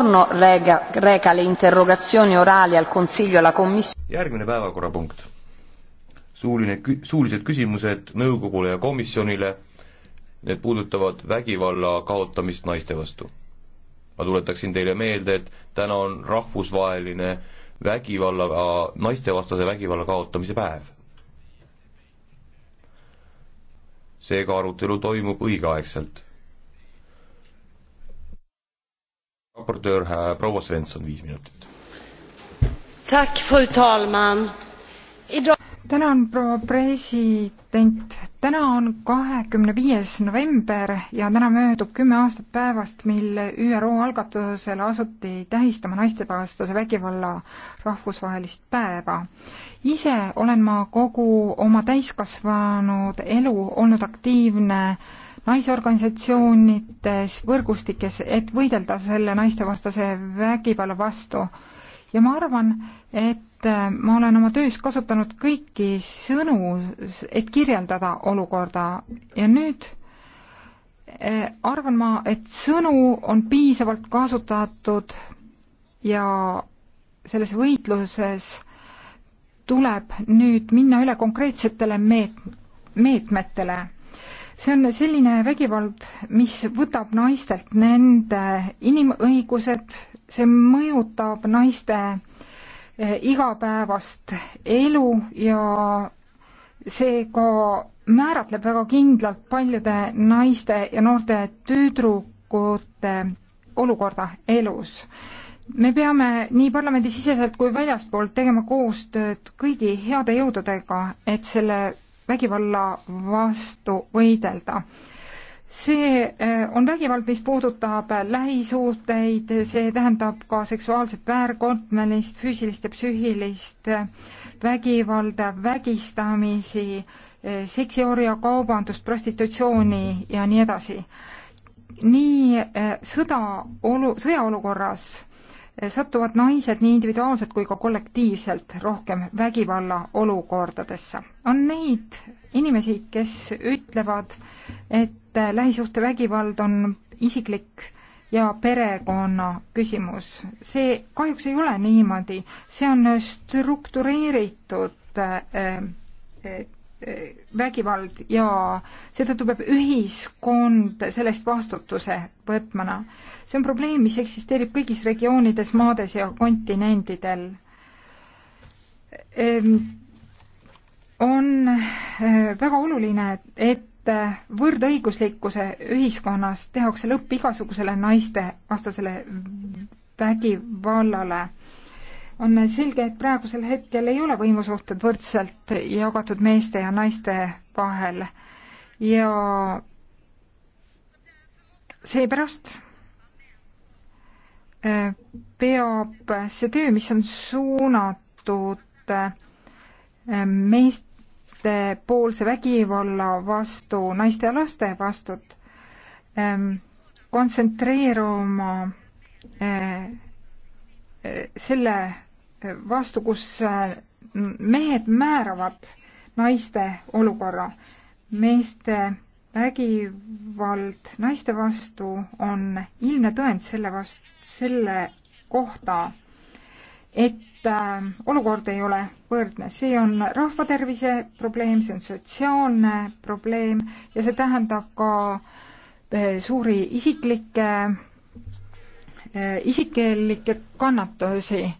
giorno rega, reca le interrogazioni orali al Consiglio e alla Commissione. järgmine päevakorrapunkt. suuline, suulised küsimused nõukogule ja komisjonile. Need puudutavad vägivalla kaotamist naiste vastu. ma tuletaksin teile meelde, et täna on rahvusvaheline vägivalla, naistevastase vägivalla kaotamise päev. seega arutelu toimub õigeaegselt raportöör proua Svensson, viis minutit. tänan, proua president. täna on kahekümne viies november ja täna möödub kümme aastat päevast, mil ÜRO algatusel asuti tähistama naistevastase vägivalla rahvusvahelist päeva. ise olen ma kogu oma täiskasvanud elu olnud aktiivne äh, naisorganisatsioonides, võrgustikes, et võidelda selle naistevastase vägivalla vastu. ja ma arvan, et äh, ma olen oma töös kasutanud kõiki sõnu, et kirjeldada olukorda ja nüüd äh, arvan ma, et sõnu on piisavalt kasutatud ja selles võitluses tuleb nüüd minna üle konkreetsetele meet-, meetmetele see on selline vägivald, mis võtab naistelt nende inimõigused, see mõjutab naiste eh, igapäevast elu ja see ka määratleb väga kindlalt paljude naiste ja noorte tüdrukute olukorda elus. me peame nii parlamendisiseselt kui väljaspoolt tegema koostööd kõigi heade jõududega, et selle vägivalla vastu võidelda see eh, on vägivald, mis puudutab lähisuhteid, see tähendab ka seksuaalset väärkontmelist, füüsilist ja psüühilist vägivalda, vägistamisi, eh, seksiorjakaubandust, prostitutsiooni ja nii edasi. nii eh, sõda olu, sõjaolukorras satuvad naised nii individuaalselt kui ka kollektiivselt rohkem vägivalla olukordadesse. on neid inimesi, kes ütlevad, et lähisuhtevägivald on isiklik ja perekonna küsimus. see kahjuks ei ole niimoodi, see on struktureeritud äh, äh, vägivald ja seetõttu peab ühiskond sellest vastutuse võtmana. see on probleem, mis eksisteerib kõigis regioonides, maades ja kontinentidel. on eh, väga oluline, et võrdõiguslikkuse ühiskonnas tehakse lõpp igasugusele naistevastasele vägivallale on selge, et praegusel hetkel ei ole võimusuhted võrdselt jagatud meeste ja naiste vahel ja seepärast äh, peab see töö, mis on suunatud äh, meistepoolse vägivalla vastu, naiste ja laste vastu, ähm, kontsentreeruma äh, selle vastu, kus äh, mehed määravad naiste olukorra. meeste vägivald naiste vastu on ilmne tõend selle vast-, selle kohta, et äh, olukord ei ole võrdne, see on rahvatervise probleem, see on sotsiaalne probleem ja see tähendab ka äh, suuri isiklikke äh,, isiklikke kannatusi äh,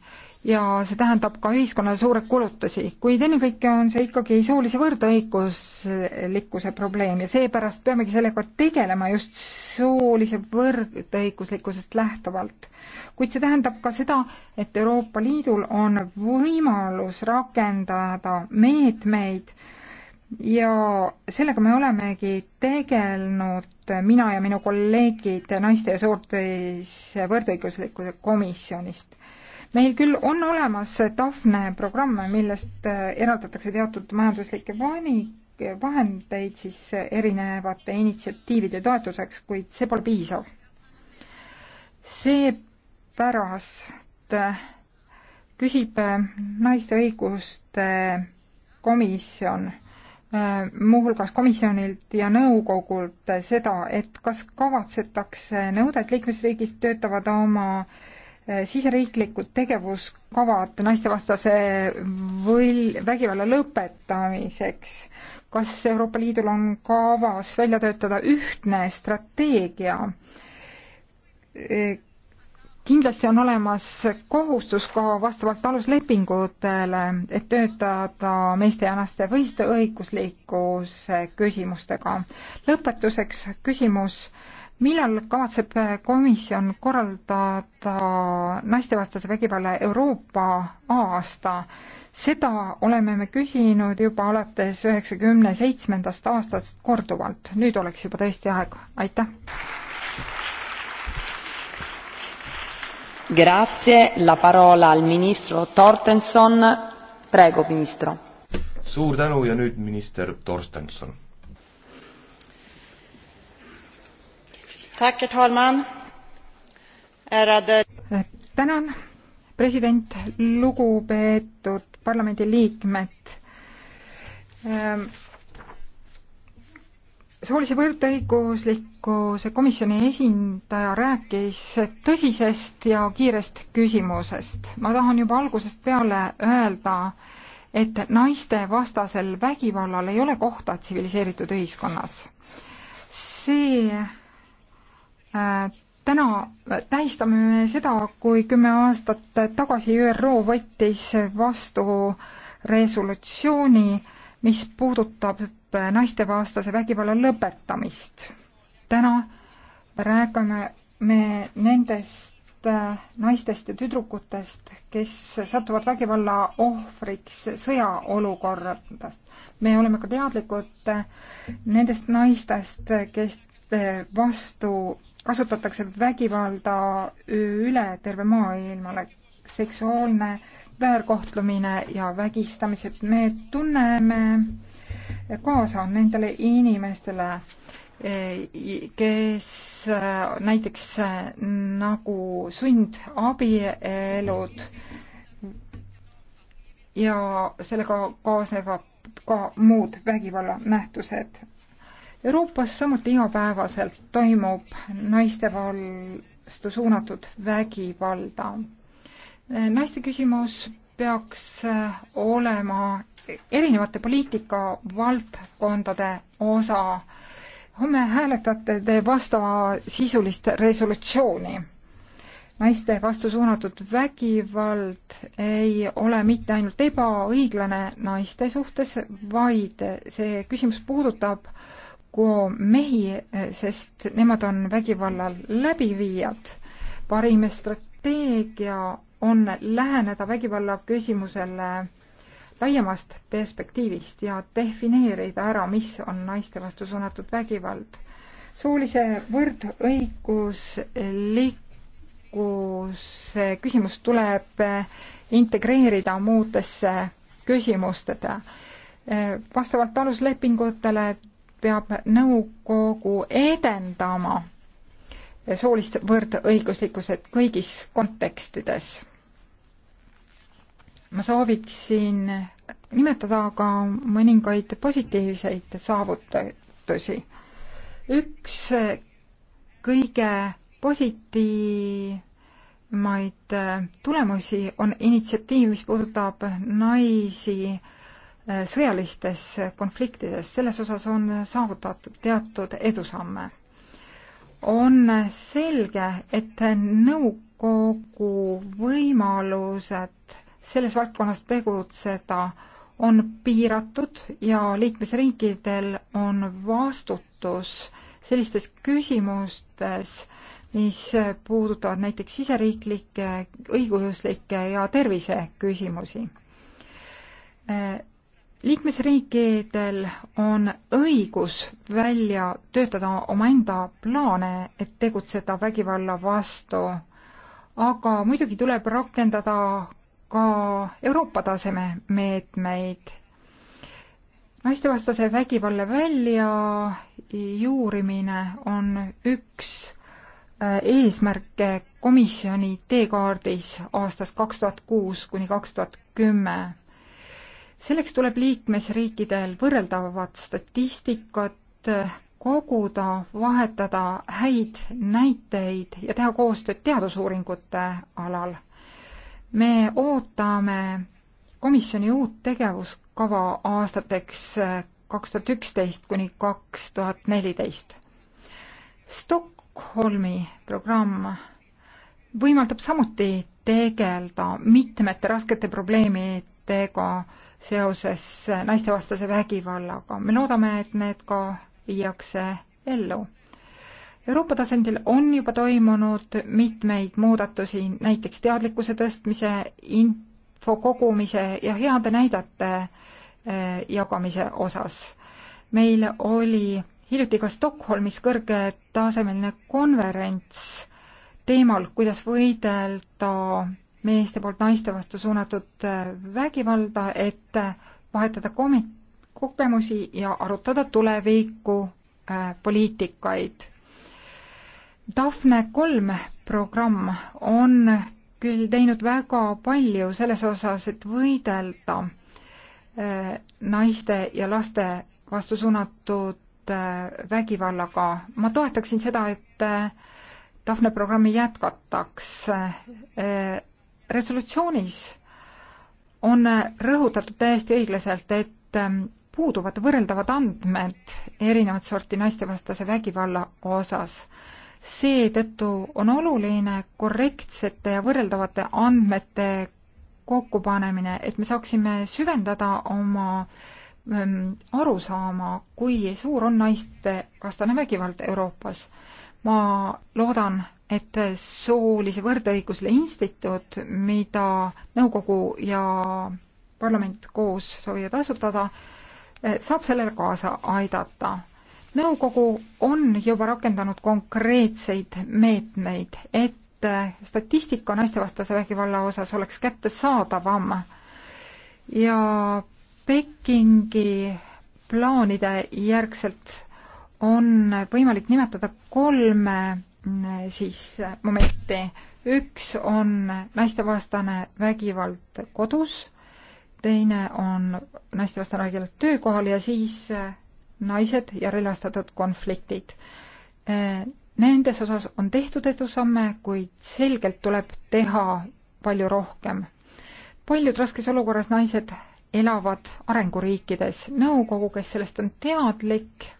ja see tähendab ka ühiskonnale suure kulutusi, kuid ennekõike on see ikkagi soolise võrdõiguslikkuse probleem ja seepärast peamegi sellega tegelema just soolise võrdõiguslikkusest lähtuvalt. kuid see tähendab ka seda, et Euroopa Liidul on võimalus rakendada meetmeid ja sellega me olemegi tegelenud mina ja minu kolleegid naiste ja soorte võrdõiguslikkuse komisjonist meil küll on olemas Daphne programm, millest äh, eraldatakse teatud majanduslikke vaani, vahendeid siis erinevate initsiatiivide toetuseks, kuid see pole piisav. seepärast äh, küsib äh, naiste õiguste komisjon muuhulgas komisjonilt ja nõukogult seda, et kas kavatsetakse nõuda, et liikmesriigis töötavad oma äh, Eh, siseriiklikud tegevuskavad naistevastase või vägivalla lõpetamiseks. kas Euroopa Liidul on kavas välja töötada ühtne strateegia? Eh, kindlasti on olemas kohustus ka vastavalt aluslepingutele, et töötada meeste ja naiste võistõiguslikkuse küsimustega. lõpetuseks küsimus äh, millal kavatseb komisjon korraldada naistevastase vägivalla Euroopa aasta? seda oleme me küsinud juba alates üheksakümne seitsmendast aastast korduvalt, nüüd oleks juba tõesti aeg, aitäh. Grazie, la parola al ministro Tortenson, prego ministro. suur tänu ja nüüd minister Torstenson tänan, president, lugupeetud parlamendiliikmed ähm, soolise võrdõiguslikkuse komisjoni esindaja rääkis tõsisest ja kiirest küsimusest. ma tahan juba algusest peale öelda, et naistevastasel vägivallal ei ole kohta tsiviliseeritud ühiskonnas. see Äh, täna tähistame me seda, kui kümme aastat tagasi ÜRO võttis vastu resolutsiooni, mis puudutab naistevastase vägivalla lõpetamist. täna räägime me nendest äh, naistest ja tüdrukutest, kes satuvad vägivalla ohvriks sõjaolukordadest. me oleme ka teadlikud äh, nendest naistest, kes vastu kasutatakse vägivalda üle terve maailmale, seksuaalne väärkohtlemine ja vägistamised, me tunneme kaasa nendele inimestele, kes näiteks nagu sundabielud ja sellega kaasnevad ka muud vägivallanähtused Euroopas samuti igapäevaselt toimub naiste vastu suunatud vägivalda. naiste küsimus peaks olema erinevate poliitikavaldkondade osa. homme hääletate te vastavasisulist resolutsiooni. naiste vastu suunatud vägivald ei ole mitte ainult ebaõiglane naiste suhtes, vaid see küsimus puudutab äh, mehi, sest nemad on vägivallal läbiviijad. parim strateegia on läheneda vägivalla küsimusele laiemast perspektiivist ja defineerida ära, mis on naiste vastu suunatud vägivald. soolise võrdõiguslikkuse küsimus tuleb integreerida muudesse küsimustesse. vastavalt aluslepingutele peab nõukogu edendama soolist võrdõiguslikkused kõigis kontekstides. ma sooviksin nimetada ka mõningaid positiivseid saavutusi. üks kõige positiivmaid tulemusi on initsiatiiv, mis puudutab naisi Äh, sõjalistes konfliktides, selles osas on saavutatud teatud edusamme. on selge, et nõukogu võimalused selles valdkonnas tegutseda on piiratud ja liikmesriikidel on vastutus sellistes küsimustes, mis puudutavad näiteks siseriiklikke, õiguslikke ja terviseküsimusi äh, liikmesriikidel on õigus välja töötada omaenda plaane, et tegutseda vägivalla vastu, aga muidugi tuleb rakendada ka Euroopa taseme meetmeid. naistevastase vägivalla väljajuurimine on üks äh, eesmärke komisjoni teekaardis aastast kaks tuhat kuus kuni kaks tuhat kümme selleks tuleb liikmesriikidel võrreldavat statistikat eh, koguda, vahetada häid näiteid ja teha koostööd teadusuuringute alal. me ootame komisjoni uut tegevuskava aastateks eh, kaks tuhat üksteist kuni kaks tuhat neliteist. Stockholmi programm võimaldab samuti tegeleda mitmete raskete probleemidega seoses naistevastase vägivallaga. me loodame, et need ka viiakse ellu. Euroopa tasandil on juba toimunud mitmeid muudatusi, näiteks teadlikkuse tõstmise, info kogumise ja heade näidete eh, jagamise osas. meil oli hiljuti ka Stockholmis kõrgetasemeline konverents teemal, kuidas võidelda meeste poolt naiste vastu suunatud äh, vägivalda, et äh, vahetada komi-, kogemusi ja arutada tuleviku äh, poliitikaid. Daphne kolm programm on küll teinud väga palju selles osas, et võidelda äh, naiste ja laste vastu suunatud äh, vägivallaga. ma toetaksin seda, et äh, Daphne programmi jätkataks resolutsioonis on rõhutatud täiesti õiglaselt, et ähm, puuduvad võrreldavad andmed erinevat sorti naistevastase vägivalla osas. seetõttu on oluline korrektsete ja võrreldavate andmete kokkupanemine, et me saaksime süvendada oma ähm, aru saama, kui suur on naistevastane vägivald Euroopas. ma loodan, et soolise võrdõigusle instituut, mida nõukogu ja parlament koos soovivad asutada, eh, saab sellele kaasa aidata. nõukogu on juba rakendanud konkreetseid meetmeid, et eh, statistika naistevastase vägivalla osas oleks kättesaadavam ja Pekingi plaanide järgselt on võimalik nimetada kolme siis momenti. üks on naistevastane vägivald kodus, teine on naistevastane vägivald töökohal ja siis naised ja relvastatud konfliktid. Nendes osas on tehtud edusamme, kuid selgelt tuleb teha palju rohkem. paljud raskes olukorras naised elavad arenguriikides. nõukogu, kes sellest on teadlik,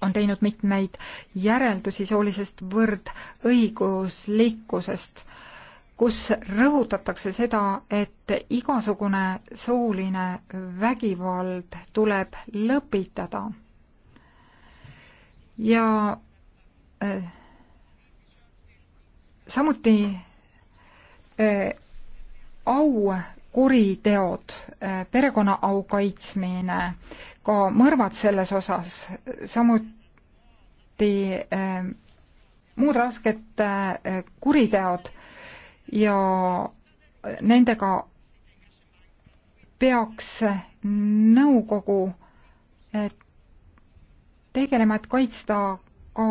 on teinud mitmeid järeldusi soolisest võrdõiguslikkusest, kus rõhutatakse seda, et igasugune sooline vägivald tuleb lõpitada. ja äh, samuti äh, au kuriteod, äh, perekonnaau kaitsmine, ka mõrvad selles osas, samuti äh, muud rasked äh, kuriteod ja nendega peaks nõukogu äh, tegelema, et kaitsta ka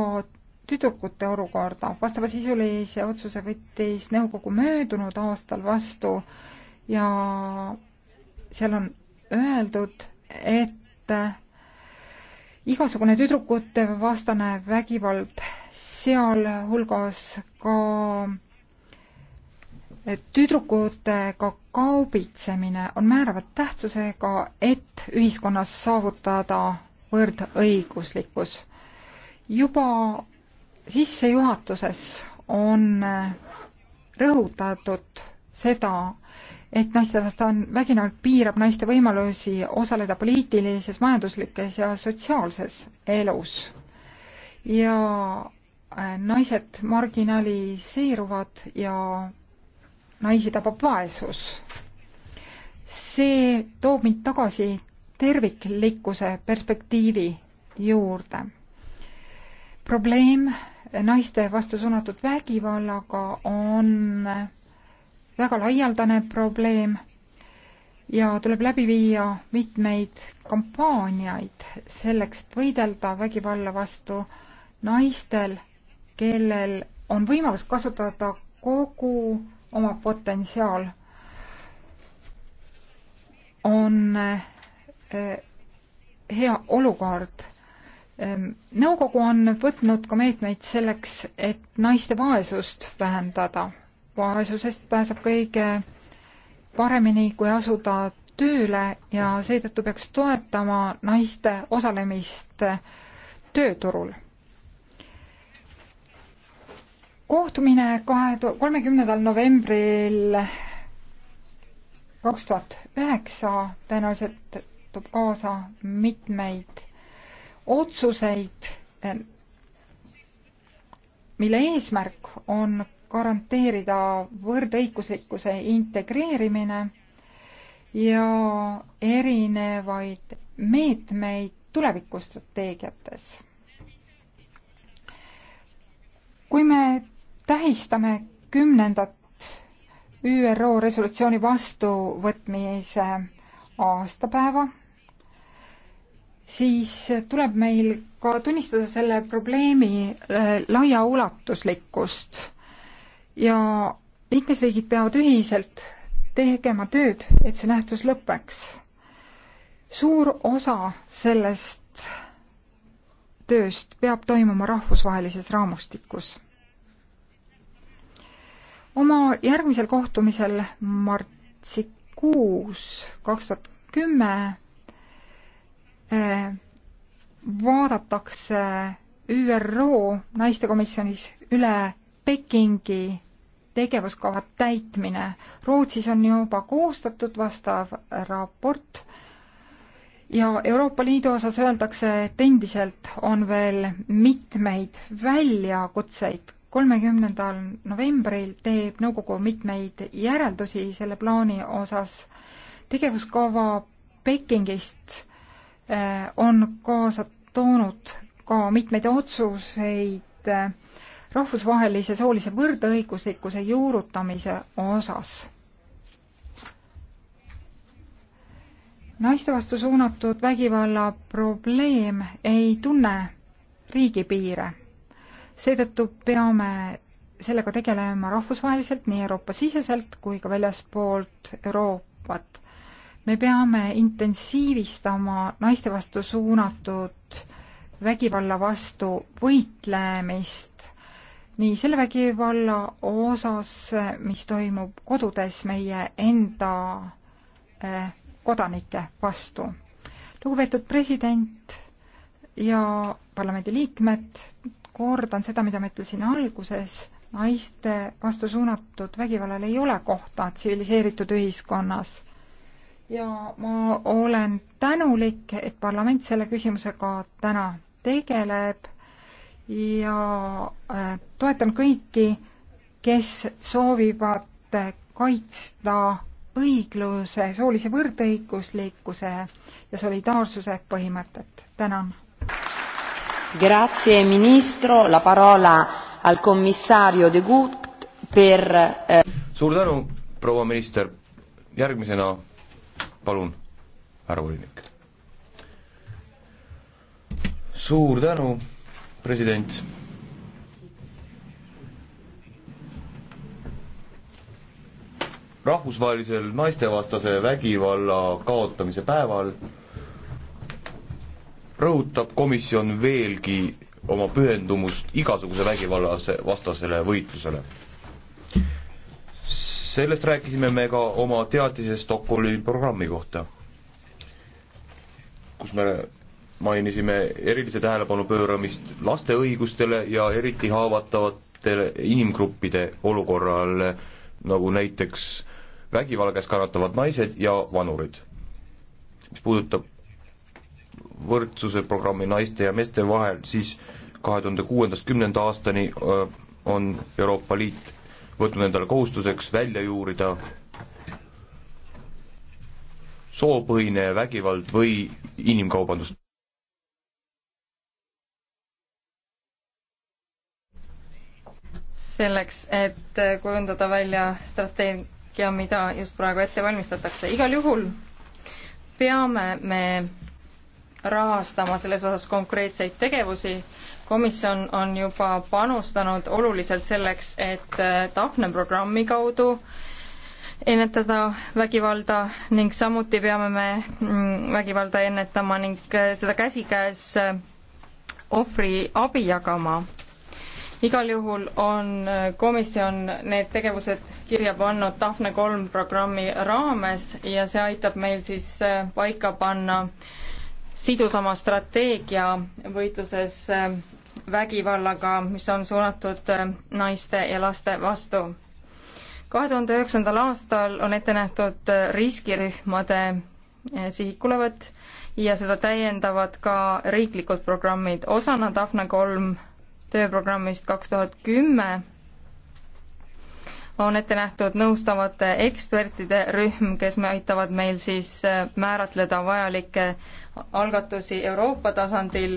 tüdrukute olukorda. vastavasisulise otsuse võttis nõukogu möödunud aastal vastu äh, ja seal on öeldud, et igasugune tüdrukute vastane vägivald, sealhulgas ka tüdrukutega kaubitsemine on määrava tähtsusega, et ühiskonnas saavutada võrdõiguslikkus. juba sissejuhatuses on rõhutatud seda, et naistevastane vägivald piirab naiste võimalusi osaleda poliitilises, majanduslikes ja sotsiaalses elus. ja äh, naised marginaliseeruvad ja naisi tabab vaesus. see toob mind tagasi terviklikkuse perspektiivi juurde. probleem naiste vastu suunatud vägivallaga on väga laialdane probleem ja tuleb läbi viia mitmeid kampaaniaid selleks, et võidelda vägivalla vastu naistel, kellel on võimalus kasutada kogu oma potentsiaal, on eh, hea olukord. Ehm, nõukogu on võtnud ka meetmeid selleks, et naiste vaesust vähendada vaesusest pääseb kõige paremini, kui asuda tööle ja seetõttu peaks toetama naiste osalemist tööturul. kohtumine kahe, kolmekümnendal novembril kaks tuhat üheksa tõenäoliselt toob kaasa mitmeid otsuseid, mille eesmärk on garanteerida võrdõiguslikkuse integreerimine ja erinevaid meetmeid tulevikustrateegiates. kui me tähistame kümnendat ÜRO resolutsiooni vastuvõtmise aastapäeva, siis tuleb meil ka tunnistada selle probleemi äh, laiaulatuslikkust ja liikmesriigid peavad ühiselt tegema tööd, et see nähtus lõpeks. suur osa sellest tööst peab toimuma rahvusvahelises raamustikus. oma järgmisel kohtumisel märtsikuus kaks tuhat kümme eh, vaadatakse ÜRO naistekomisjonis üle Pekingi tegevuskava täitmine. Rootsis on juba koostatud vastav raport ja Euroopa Liidu osas öeldakse, et endiselt on veel mitmeid väljakutseid. kolmekümnendal novembril teeb nõukogu mitmeid järeldusi selle plaani osas. tegevuskava Pekingist eh, on kaasa toonud ka mitmeid otsuseid eh, rahvusvahelise soolise võrdõiguslikkuse juurutamise osas. naiste vastu suunatud vägivalla probleem ei tunne riigipiire. seetõttu peame sellega tegelema rahvusvaheliselt, nii Euroopa-siseselt kui ka väljaspoolt Euroopat. me peame intensiivistama naiste vastu suunatud vägivalla vastu võitlemist nii selle vägivalla osas, mis toimub kodudes meie enda eh, kodanike vastu. lugupeetud president ja parlamendiliikmed, kordan seda, mida ma ütlesin alguses, naiste vastu suunatud vägivallal ei ole kohta tsiviliseeritud ühiskonnas. ja ma olen tänulik, et parlament selle küsimusega täna tegeleb ja äh, toetan kõiki, kes soovivad äh, kaitsta õigluse, soolise võrdõiguslikkuse ja solidaarsuse põhimõtet. tänan. Grazie ministro, la parola al commissario de Gucht per äh, suur tänu, proua minister, järgmisena palun, härra volinik. suur tänu president. rahvusvahelisel naistevastase vägivalla kaotamise päeval rõhutab komisjon veelgi oma pühendumust igasuguse vägivalla vastasele võitlusele. sellest rääkisime me ka oma teatises Stockholmi programmi kohta, kus me mainisime erilise tähelepanu pööramist laste õigustele ja eriti haavatavatele inimgruppide olukorrale, nagu näiteks vägivalla käes kannatavad naised ja vanurid. mis puudutab võrdsuse programmi naiste ja meeste vahel, siis kahe tuhande kuuendast kümnenda aastani äh, on Euroopa Liit võtnud endale kohustuseks välja juurida soopõhine vägivald või inimkaubandus. selleks, et kujundada välja strateegia, mida just praegu ette valmistatakse. igal juhul peame me rahastama selles osas konkreetseid tegevusi. komisjon on juba panustanud oluliselt selleks, et Daphne programmi kaudu ennetada vägivalda ning samuti peame me mm, vägivalda ennetama ning seda käsikäes ohvri abi jagama igal juhul on äh, komisjon need tegevused kirja pannud Tafne kolm programmi raames ja see aitab meil siis äh, paika panna sidusama strateegia võitluses äh, vägivallaga, mis on suunatud naiste ja laste vastu. kahe tuhande üheksandal aastal on ette nähtud riskirühmade sihikulevõtt ja seda täiendavad ka riiklikud programmid. osana Tafne kolm tööprogrammist kaks tuhat kümme on ette nähtud nõustavate ekspertide rühm, kes me aitavad meil siis äh, määratleda vajalikke algatusi Euroopa tasandil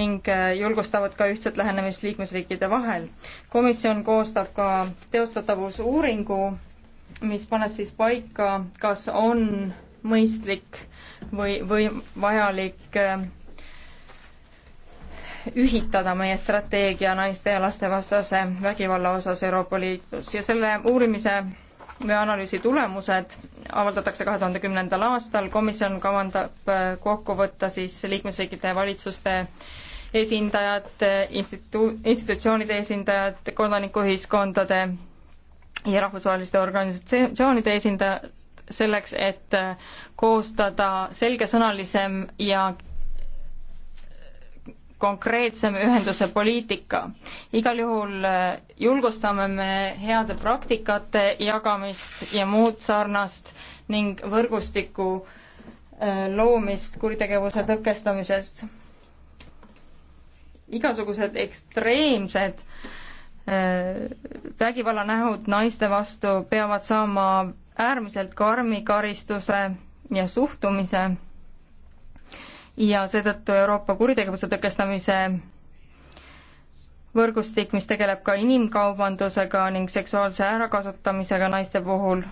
ning äh, julgustavad ka ühtset lähenemist liikmesriikide vahel. komisjon koostab ka teostatavusuuringu, mis paneb siis paika, kas on mõistlik või, või vajalik äh, ühitada meie strateegia naiste ja lastevastase vägivalla osas Euroopa Liidus ja selle uurimise või analüüsi tulemused avaldatakse kahe tuhande kümnendal aastal, komisjon kavandab äh, kokku võtta siis liikmesriikide valitsuste esindajad, institu-, institutsioonide esindajad, kodanikuühiskondade ja rahvusvaheliste organisatsioonide esindajad, selleks, et äh, koostada selgesõnalisem ja konkreetsem ühenduse poliitika. igal juhul äh, julgustame me heade praktikate jagamist ja muud sarnast ning võrgustiku äh, loomist kuritegevuse tõkestamisest. igasugused ekstreemsed äh, vägivallanähud naiste vastu peavad saama äärmiselt karmi karistuse ja suhtumise ja seetõttu Euroopa kuritegevuse tõkestamise võrgustik, mis tegeleb ka inimkaubandusega ning seksuaalse ärakasutamisega naiste puhul.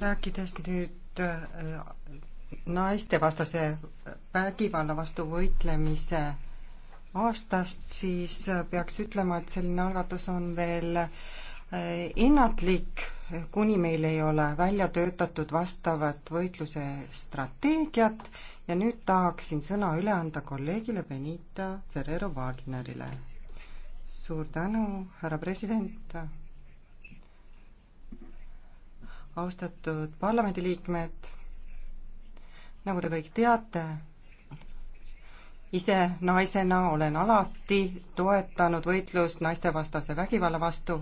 rääkides nüüd äh, naistevastase vägivalla vastu võitlemise aastast, siis äh, peaks ütlema, et selline algatus on veel ennatlik äh, kuni meil ei ole välja töötatud vastavat võitluse strateegiat ja nüüd tahaksin sõna üle anda kolleegile Benita Ferrero Wagnerile. suur tänu, härra president. austatud parlamendiliikmed, nagu te kõik teate, ise naisena olen alati toetanud võitlust naistevastase vägivalla vastu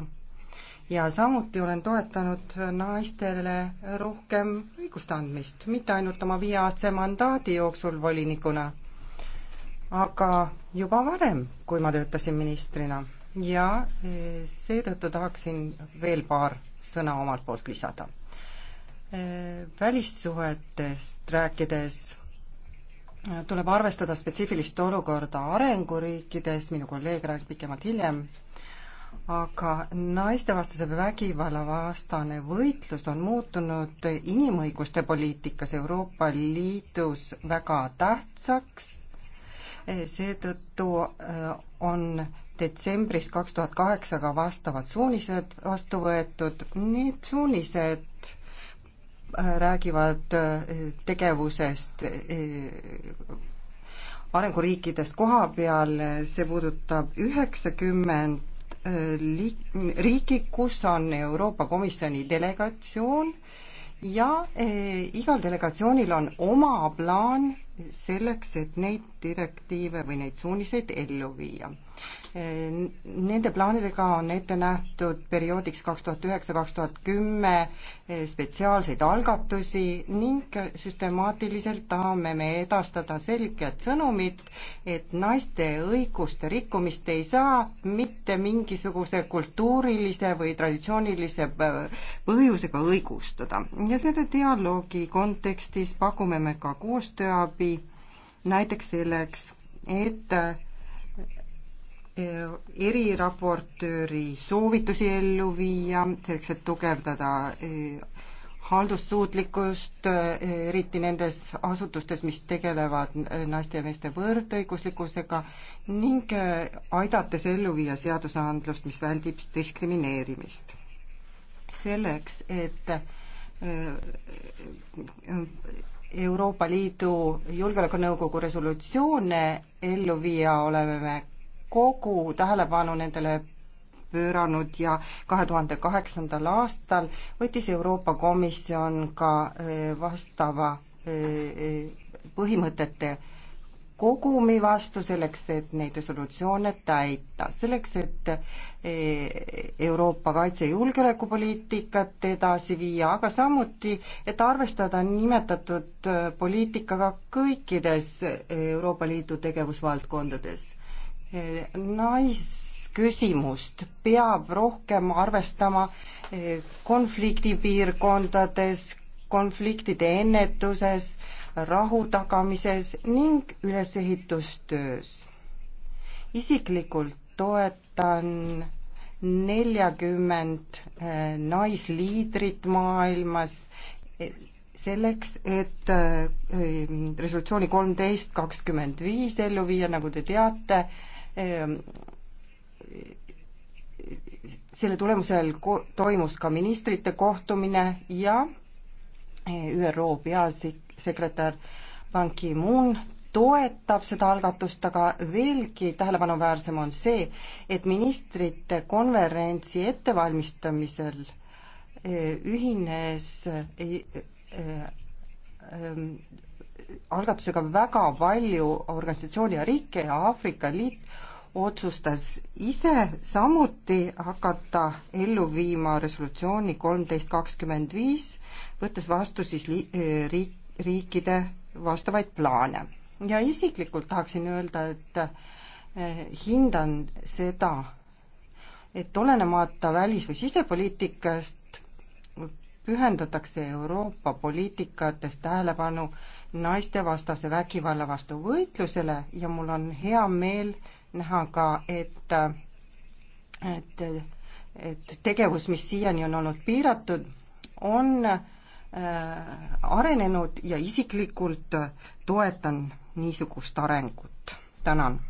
ja samuti olen toetanud naistele rohkem õiguste andmist, mitte ainult oma viieaastase mandaadi jooksul volinikuna, aga juba varem, kui ma töötasin ministrina ja e, seetõttu tahaksin veel paar sõna omalt poolt lisada. E, välissuhetest rääkides e, tuleb arvestada spetsiifilist olukorda arenguriikides, minu kolleeg räägib pikemalt hiljem, aga naistevastase vägivalla vastane võitlus on muutunud inimõiguste poliitikas Euroopa Liidus väga tähtsaks. seetõttu äh, on detsembris kaks tuhat kaheksa ka vastavad suunised vastu võetud. Need suunised äh, räägivad äh, tegevusest arenguriikides koha peal, see puudutab üheksakümmend Äh, riiki, kus on Euroopa Komisjoni delegatsioon ja äh, igal delegatsioonil on oma plaan selleks, et neid direktiive või neid suuniseid ellu viia. Nende plaanidega on ette nähtud perioodiks kaks tuhat üheksa, kaks tuhat kümme eh, spetsiaalseid algatusi ning süstemaatiliselt tahame me edastada selget sõnumit, et naiste õiguste rikkumist ei saa mitte mingisuguse kultuurilise või traditsioonilise põhjusega õigustada. ja selle dialoogi kontekstis pakume me ka koostööabi näiteks selleks, et äh, eriraportööri soovitusi ellu viia, selleks, et tugevdada äh, haldussuutlikkust, äh, eriti nendes asutustes, mis tegelevad naiste ja meeste võrdõiguslikkusega ning aidates ellu viia seadusandlust, mis väldib diskrimineerimist. selleks, et Euroopa Liidu Julgeolekunõukogu resolutsioone ellu viia, oleme me kogu tähelepanu nendele pööranud ja kahe tuhande kaheksandal aastal võttis Euroopa Komisjon ka eh, vastava eh, eh, põhimõtete kogumi vastu, selleks et neid resolutsioone täita, selleks et eh, Euroopa kaitse- ja julgeolekupoliitikat edasi viia, aga samuti, et arvestada nimetatud eh, poliitikaga kõikides eh, Euroopa Liidu tegevusvaldkondades. Naisküsimust peab rohkem arvestama konfliktipiirkondades, konfliktide ennetuses, rahu tagamises ning ülesehitustöös. isiklikult toetan neljakümmend eh, naisliidrit maailmas eh, selleks, et eh, resolutsiooni kolmteist kakskümmend viis ellu viia, nagu te teate, selle tulemusel ko-, toimus ka ministrite kohtumine ja ÜRO peasekretär Ban Ki-moon toetab seda algatust, aga veelgi tähelepanuväärsem on see, et ministrite konverentsi ettevalmistamisel eh, ühines eh, eh, algatusega väga palju organisatsioone ja riike ja Aafrika Liit otsustas ise samuti hakata ellu viima resolutsiooni kolmteist kakskümmend viis, võttes vastu siis eh, riik, riikide vastavaid plaane. ja isiklikult tahaksin öelda, et eh, hindan seda, et olenemata välis- või sisepoliitikast pühendatakse Euroopa poliitikates tähelepanu naistevastase vägivalla vastu võitlusele ja mul on hea meel näha ka, et, et, et tegevus, mis siiani on olnud piiratud, on äh, arenenud ja isiklikult toetan niisugust arengut. tänan.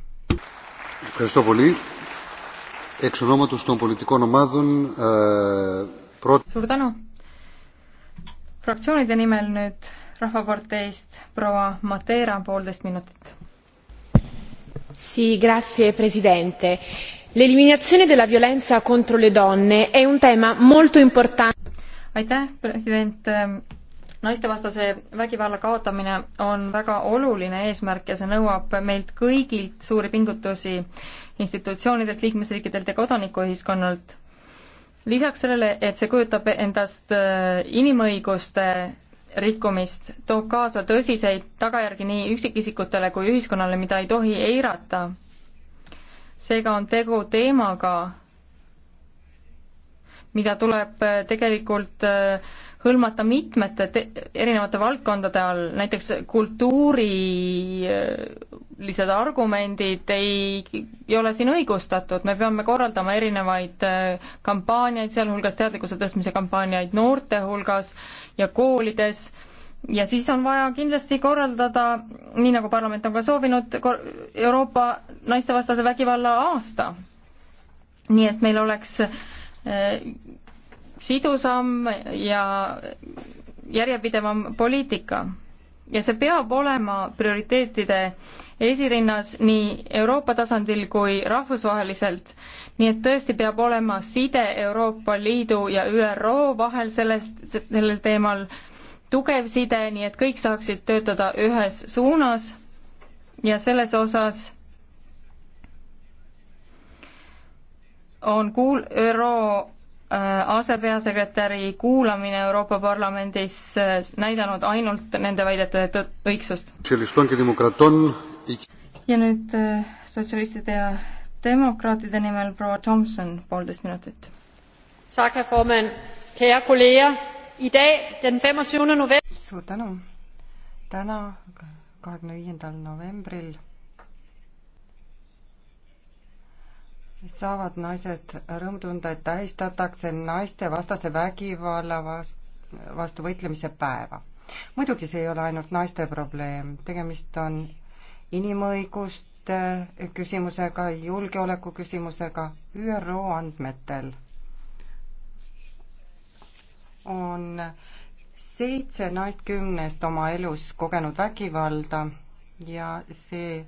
suur tänu. fraktsioonide nimel nüüd Rahvaparteist proua Mateera poolteist minutit signor presidente onorevoli colleghi l'eliminazione della violenza contro le donne è un teema molto importante. aitäh president! naistevastase vägivalla kaotamine on väga oluline eesmärk ja see nõuab meilt kõigilt suuri pingutusi institutsioonidelt, liikmesriikidelt ja kodanikuühiskonnalt lisaks sellele, et see kujutab endast äh, inimõiguste rikkumist toob kaasa tõsiseid tagajärgi nii üksikisikutele kui ühiskonnale, mida ei tohi eirata. seega on tegu teemaga, mida tuleb äh, tegelikult äh, hõlmata mitmete te erinevate valdkondade all, näiteks kultuurilised äh, argumendid ei, ei ole siin õigustatud, me peame korraldama erinevaid kampaaniaid, sealhulgas teadlikkuse tõstmise kampaaniaid noorte hulgas ja koolides, ja siis on vaja kindlasti korraldada, nii nagu parlament on ka soovinud, Euroopa naistevastase vägivalla aasta. nii et meil oleks äh, Äh, sidusam ja järjepidevam poliitika. ja see peab olema prioriteetide esirinnas nii Euroopa tasandil kui rahvusvaheliselt. nii et tõesti peab olema side Euroopa Liidu ja ÜRO vahel sellest, sellel teemal, tugev side, nii et kõik saaksid töötada ühes suunas ja selles osas on kuul-, ÜRO äh, asepeasekretäri kuulamine Euroopa Parlamendis äh, näidanud ainult nende väidete õigsust. ja nüüd äh, sotsialistide ja demokraatide nimel proua Thompson, poolteist minutit. suur tänu. täna, kahekümne viiendal novembril saavad naised rõõmu tunda, et tähistatakse naistevastase vägivalla vast-, vastu võitlemise päeva. muidugi see ei ole ainult naiste probleem, tegemist on inimõiguste küsimusega, julgeoleku küsimusega, ÜRO andmetel on seitse naist kümnest oma elus kogenud vägivalda ja see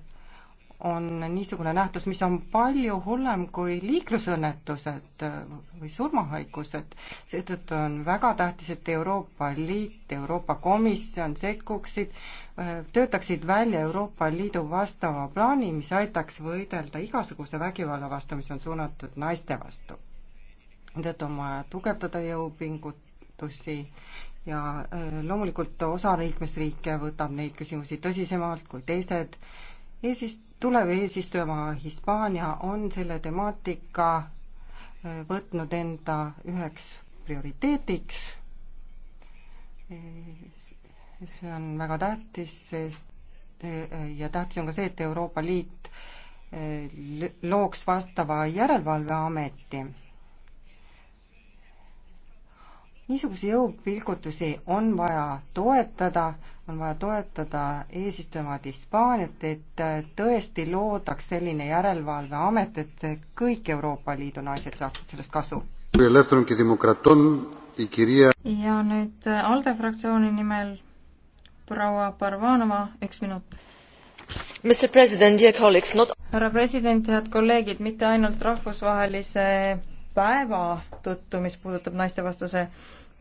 on niisugune nähtus, mis on palju hullem kui liiklusõnnetused või surmahaigused. seetõttu on väga tähtis, et Euroopa Liit, Euroopa Komisjon sekkuksid, töötaksid välja Euroopa Liidu vastava plaani, mis aitaks võidelda igasuguse vägivalla vastu, mis on suunatud naiste vastu. seetõttu on vaja tugevdada jõupingutusi ja äh, loomulikult osa liikmesriike võtab neid küsimusi tõsisemalt kui teised eesist-, tulev eesistujamaa Hispaania on selle temaatika äh, võtnud enda üheks prioriteetiks. Äh, see on väga tähtis, sest äh, ja tähtis on ka see, et Euroopa Liit looks vastava järelevalveameti niisuguseid jõupilgutusi on vaja toetada, on vaja toetada eesistujamaad Hispaaniat, et äh, tõesti loodaks selline järelevalveamet, et kõik Euroopa Liidu naised saaksid sellest kasu. ja nüüd äh, ALDE fraktsiooni nimel proua Barvanova, üks minut härra president, head kolleegid, mitte ainult rahvusvahelise päeva tõttu, mis puudutab naistevastase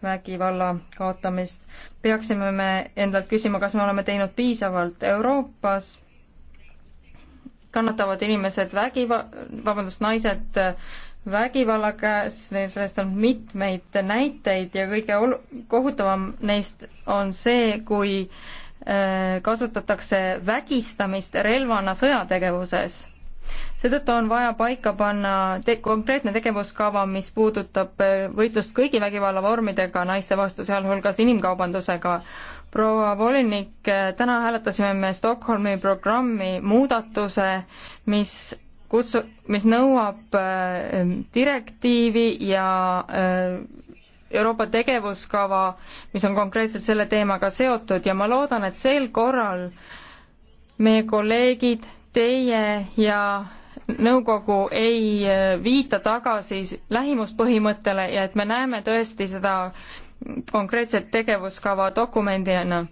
vägivalla kaotamist, peaksime me endalt küsima, kas me oleme teinud piisavalt Euroopas, kannatavad inimesed vägiva-, vabandust, naised vägivalla käes, sellest on mitmeid näiteid ja kõige ol-, kohutavam neist on see, kui äh, kasutatakse vägistamist relvana sõjategevuses seetõttu on vaja paika panna te konkreetne tegevuskava, mis puudutab äh, võitlust kõigi vägivallavormidega naiste vastu, sealhulgas inimkaubandusega. proua volinik, äh, täna hääletasime me Stockholmi programmi muudatuse, mis kutsu-, mis nõuab äh, direktiivi ja Euroopa tegevuskava, mis on konkreetselt selle teemaga seotud ja ma loodan, et sel korral meie kolleegid, teie ja nõukogu ei äh, viita tagasi lähimuspõhimõttele ja et me näeme tõesti seda konkreetset tegevuskava dokumendina.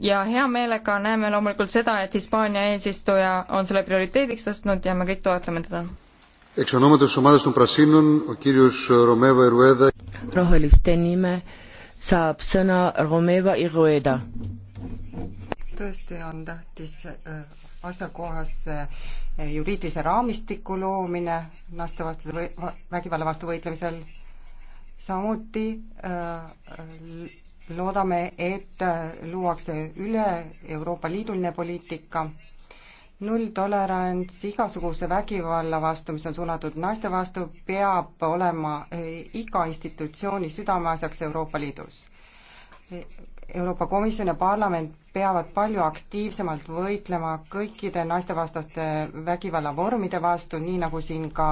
ja hea meelega näeme loomulikult seda, et Hispaania eesistuja on selle prioriteediks tõstnud ja me kõik toetame teda. roheliste nime saab sõna Romeva Irueda. tõesti on tähtis äh, asjakohase eh, juriidilise raamistiku loomine lastevastase või vägivalla vastu võitlemisel. samuti eh, loodame, et eh, luuakse üle Euroopa Liiduline poliitika nulltolerants igasuguse vägivalla vastu, mis on suunatud naiste vastu, peab olema iga institutsiooni südameasjaks Euroopa Liidus. Euroopa Komisjon ja parlament peavad palju aktiivsemalt võitlema kõikide naistevastaste vägivalla vormide vastu, nii nagu siin ka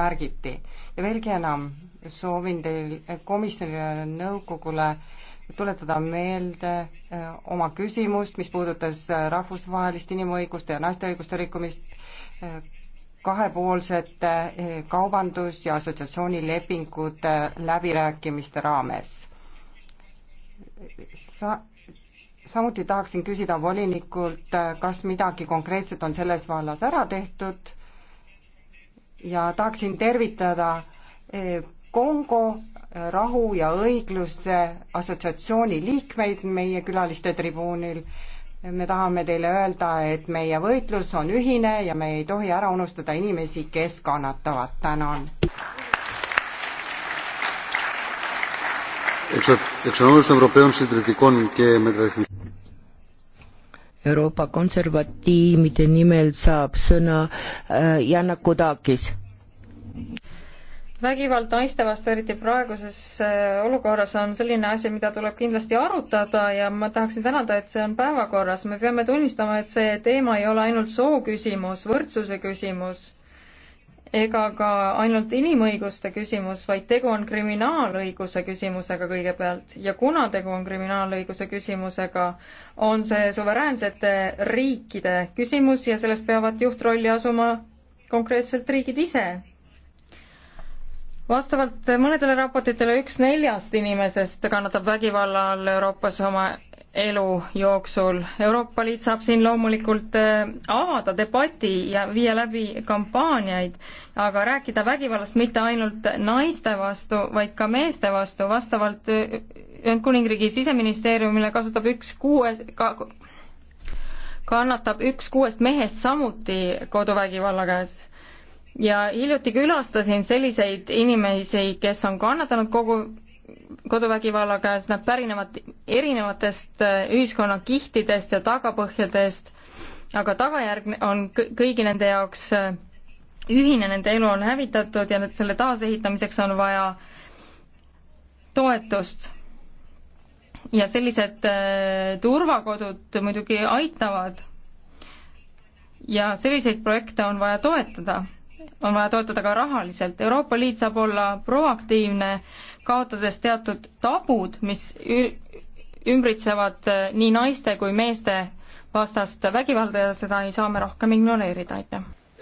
märgiti. ja veelgi enam, soovin teil e, komisjonile ja nõukogule tuletada meelde e, oma küsimust, mis puudutas e, rahvusvahelist inimõiguste ja naiste õiguste rikkumist, kahepoolsete kaubandus- ja assotsiatsioonilepingute läbirääkimiste raames sa-, samuti tahaksin küsida volinikult, äh, kas midagi konkreetset on selles vallas ära tehtud ja tahaksin tervitada äh, Kongo äh, rahu ja õigluse assotsiatsiooni liikmeid meie külaliste tribuunil. me tahame teile öelda, et meie võitlus on ühine ja me ei tohi ära unustada inimesi, kes kannatavad. tänan. εξ ονόματος των Ευρωπαίων Συντηρητικών και Μεταρρυθμιστών Euroopa konservatiivide nimel saab sõna äh, Janna Kudakis. vägivald naiste vastu, eriti praeguses äh, olukorras, on selline asi, mida tuleb kindlasti arutada ja ma tahaksin tänada, et see on päevakorras. me peame tunnistama, et see teema ei ole ainult soo küsimus, võrdsuse küsimus ega ka ainult inimõiguste küsimus, vaid tegu on kriminaalõiguse küsimusega kõigepealt ja kuna tegu on kriminaalõiguse küsimusega, on see suveräänsete riikide küsimus ja sellest peavad juhtrolli asuma konkreetselt riigid ise. vastavalt mõnedele raportitele üks neljast inimesest kannatab vägivalla all Euroopas oma elu jooksul. Euroopa Liit saab siin loomulikult äh, avada debati ja viia läbi kampaaniaid, aga rääkida vägivallast mitte ainult naiste vastu, vaid ka meeste vastu, vastavalt äh, Ühendkuningriigi siseministeeriumile kasutab üks kuues ka, kannatab üks kuuest mehest samuti koduvägivalla käes ja hiljuti külastasin selliseid inimesi, kes on kannatanud kogu koduvägivalla käes, nad pärinevad erinevatest äh, ühiskonnakihtidest ja tagapõhjadest, aga tagajärg on kõigi nende jaoks äh, ühine, nende elu on hävitatud ja nüüd selle taasehitamiseks on vaja toetust. ja sellised äh, turvakodud muidugi aitavad ja selliseid projekte on vaja toetada on vaja toetada ka rahaliselt. Euroopa Liit saab olla proaktiivne, kaotades teatud tabud, mis ümbritsevad äh, nii naiste kui meeste vastast vägivalda ja seda ei saa me rohkem ignoreerida, aitäh. E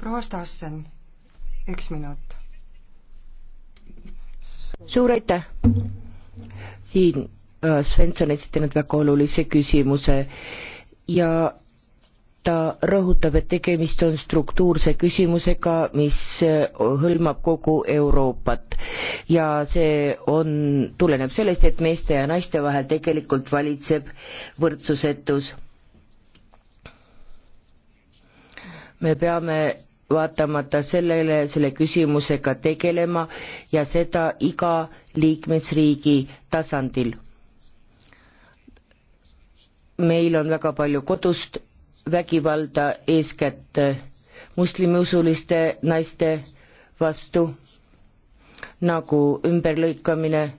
proua Stassen, üks minut. suur aitäh. siin äh, Svensson esitanud väga olulise küsimuse ja ta rõhutab, et tegemist on struktuurse küsimusega, mis hõlmab kogu Euroopat. ja see on, tuleneb sellest, et meeste ja naiste vahel tegelikult valitseb võrdsusetus. me peame vaatamata sellele selle küsimusega tegelema ja seda iga liikmesriigi tasandil. meil on väga palju kodust vägivalda eeskätt äh, muslimiusuliste naiste vastu, nagu ümberlõikamine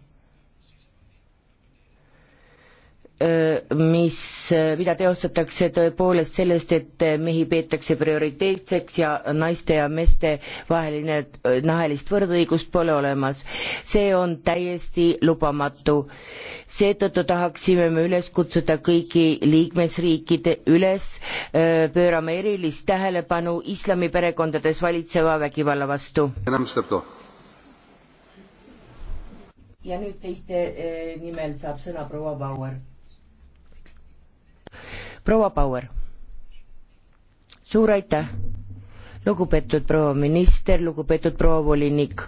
Äh, mis, äh, mida teostatakse tõepoolest sellest, et äh, mehi peetakse prioriteetseks ja naiste ja meeste vaheline nahelist võrdõigust pole olemas. see on täiesti lubamatu. seetõttu tahaksime me üles kutsuda kõigi liikmesriikide üles pöörama erilist tähelepanu islami perekondades valitseva vägivalla vastu. ja nüüd teiste nimel saab sõna proua Bauer proua Bauer. suur aitäh, lugupeetud proua minister, lugupeetud proua volinik.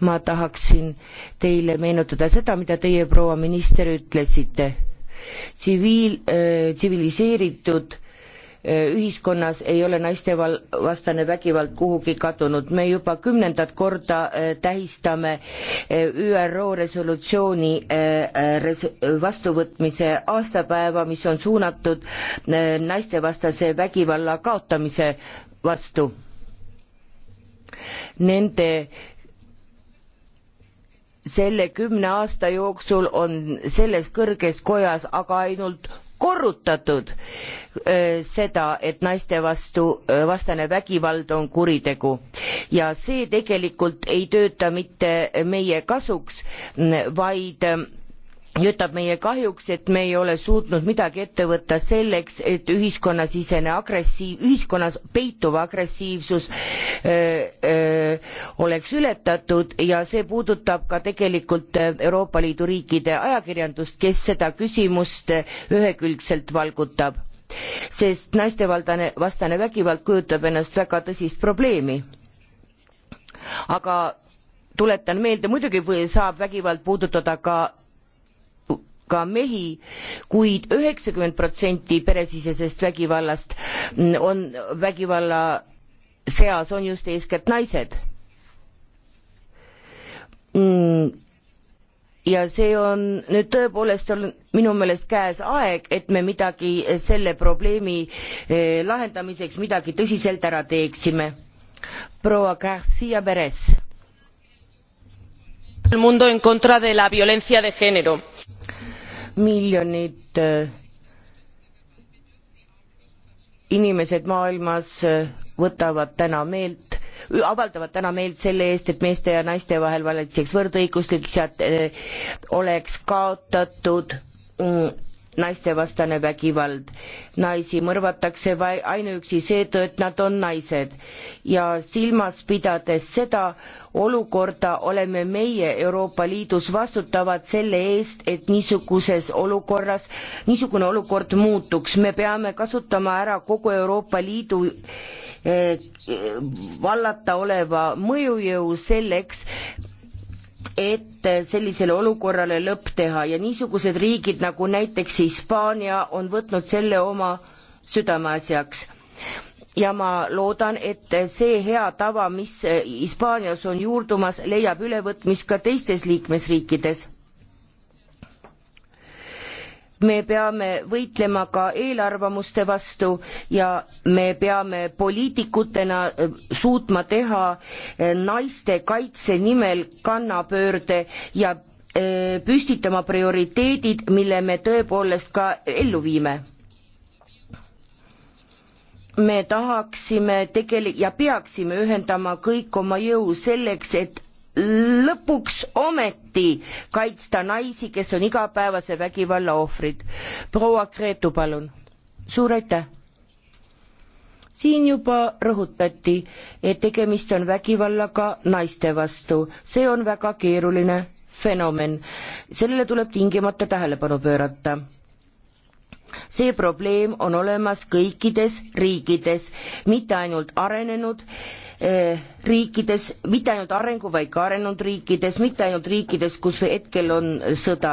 ma tahaksin teile meenutada seda, mida teie, proua minister, ütlesite. tsiviil äh,, tsiviliseeritud äh, Eh, ühiskonnas ei ole naistevastane vägivald kuhugi kadunud. me juba kümnendat korda eh, tähistame eh, ÜRO resolutsiooni vastuvõtmise aastapäeva, mis on suunatud naistevastase vägivalla kaotamise vastu. Nende selle kümne aasta jooksul on selles kõrges kojas aga ainult korrutatud seda, et naiste vastu, vastane vägivald on kuritegu. ja see tegelikult ei tööta mitte meie kasuks, vaid ütleb meie kahjuks, et me ei ole suutnud midagi ette võtta selleks, et ühiskonnasisene agressiiv, ühiskonnas peituv agressiivsus öö, öö, oleks ületatud ja see puudutab ka tegelikult Euroopa Liidu riikide ajakirjandust, kes seda küsimust ühekülgselt valgutab. sest naistevaldane, vastane vägivald kujutab endast väga tõsist probleemi. aga tuletan meelde, muidugi saab vägivald puudutada ka ka mehi kuid, kuid üheksakümmend protsenti peresisesest vägivallast mm, on, vägivalla seas on just eeskätt naised mm ja see on nüüd tõepoolest on minu meelest käes aeg, et me midagi selle probleemi eh, lahendamiseks midagi tõsiselt ära teeksime. proua Garcia Perez. El mundo en contra de la violencia de género miljonid äh, inimesed maailmas äh, võtavad täna meelt, avaldavad täna meelt selle eest, et meeste ja naiste vahel valitseks võrdõiguslik, sealt äh, oleks kaotatud mm, naistevastane vägivald. naisi mõrvatakse ainuüksi seetõttu, et nad on naised ja silmas pidades seda olukorda oleme meie Euroopa Liidus vastutavad selle eest, et niisuguses olukorras, niisugune olukord muutuks, me peame kasutama ära kogu Euroopa Liidu eh, vallata oleva mõjujõu selleks, et sellisele olukorrale lõpp teha ja niisugused riigid nagu näiteks Hispaania on võtnud selle oma südameasjaks. ja ma loodan, et see hea tava, mis Hispaanias on juurdumas, leiab ülevõtmist ka teistes liikmesriikides me peame võitlema ka eelarvamuste vastu ja me peame poliitikutena äh, suutma teha äh, naiste kaitse nimel kannapöörde ja äh, püstitama prioriteedid, mille me tõepoolest ka ellu viime. me tahaksime tegele- ja peaksime ühendama kõik oma jõu selleks, et lõpuks ometi kaitsta naisi, kes on igapäevase vägivalla ohvrid. proua Gretu, palun. suur aitäh. siin juba rõhutati, et tegemist on vägivallaga naiste vastu, see on väga keeruline fenomen, sellele tuleb tingimata tähelepanu pöörata see probleem on olemas kõikides riikides, mitte ainult arenenud Eh, riikides, mitte ainult arengu, vaid ka arenenud riikides, mitte ainult riikides, kus hetkel on sõda,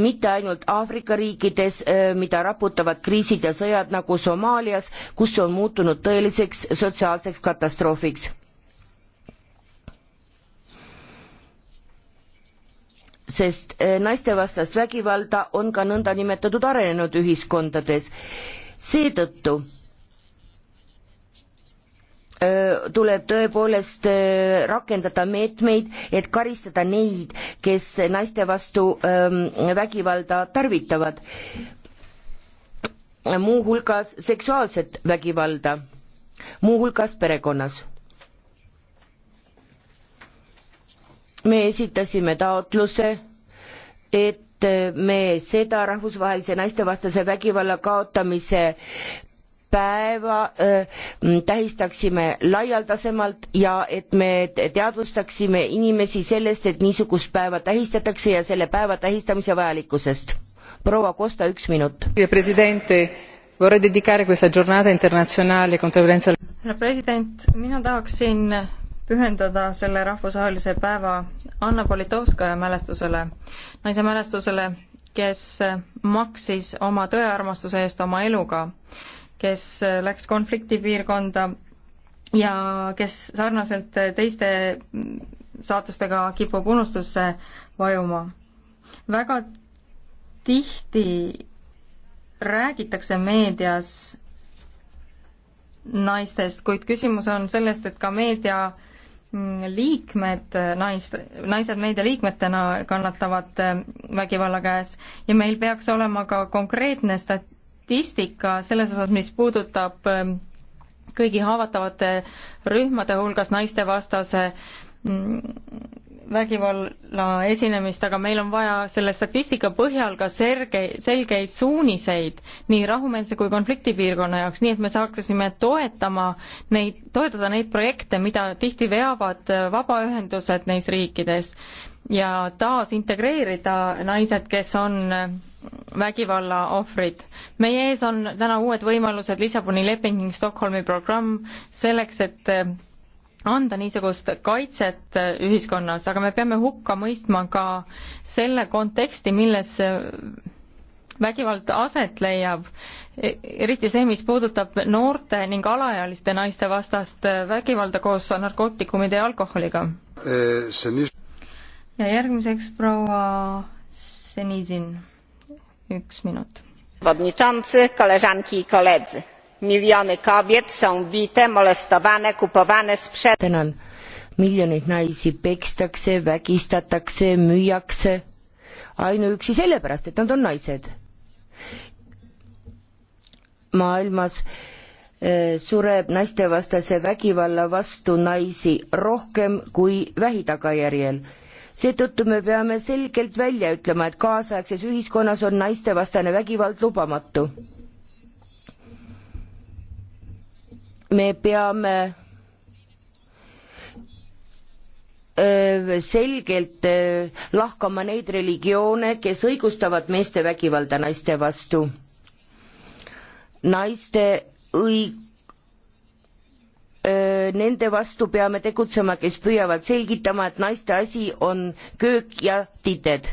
mitte ainult Aafrika riikides, eh, mida raputavad kriisid ja sõjad nagu Somaalias, kus on muutunud tõeliseks sotsiaalseks katastroofiks. sest eh, naistevastast vägivalda on ka nõndanimetatud arenenud ühiskondades. seetõttu tuleb tõepoolest rakendada meetmeid, et karistada neid, kes naiste vastu vägivalda tarvitavad, muuhulgas seksuaalset vägivalda, muuhulgas perekonnas me esitasime taotluse, et me seda rahvusvahelise naistevastase vägivalla kaotamise päeva tähistaksime laialdasemalt ja et me teadvustaksime inimesi sellest, et niisugust päeva tähistatakse ja selle päeva tähistamise vajalikkusest. proua Costa, üks minut. Vorrei dedicare questa giornata internazionale contro la violenza. härra president, mina tahaksin pühendada selle rahvusvahelise päeva Anna Politovskaja mälestusele, naise mälestusele, kes maksis oma tõearmastuse eest oma eluga kes läks konfliktipiirkonda ja kes sarnaselt teiste saatustega kipub unustusse vajuma. väga tihti räägitakse meedias naistest, kuid küsimus on sellest, et ka meedia liikmed, nais, naised meedialiikmetena kannatavad vägivalla käes ja meil peaks olema ka konkreetne stat-, statistika selles osas, mis puudutab ähm, kõigi haavatavate rühmade hulgas naistevastase mm, vägivalla esinemist, aga meil on vaja selle statistika põhjal ka serge, selgeid suuniseid nii rahumeelse kui konfliktipiirkonna jaoks, nii et me saaksime toetama neid, toetada neid projekte, mida tihti veavad äh, vabaühendused neis riikides ja taasintegreerida naised, kes on äh, vägivalla ohvrid. meie ees on täna uued võimalused, Lissaboni leping ning Stockholmi programm selleks, et eh, anda niisugust kaitset eh, ühiskonnas, aga me peame hukka mõistma ka selle konteksti, milles eh, vägivald aset leiab, e, eriti see, mis puudutab noorte ning alaealiste naiste vastast vägivalda koos narkootikumide ja alkoholiga. ja järgmiseks proua Senizin üks minut. przewodniczący koleżanki i koledzy! miljony kobiet są bite molestowane kupowane sprzedawane. miljoneid naisi pekstakse vägistatakse müüakse ainuüksi sellepärast et nad on naised. maailmas e, sureb naistevastase vägivalla vastu naisi rohkem kui vähi tagajärjel seetõttu me peame selgelt välja ütlema, et kaasaegses ühiskonnas on naistevastane vägivald lubamatu. me peame selgelt lahkama neid religioone, kes õigustavad meeste vägivalda naiste vastu. naiste õig-, nende vastu peame tegutsema kes püüavad selgitama et naiste asi on köök ja tited.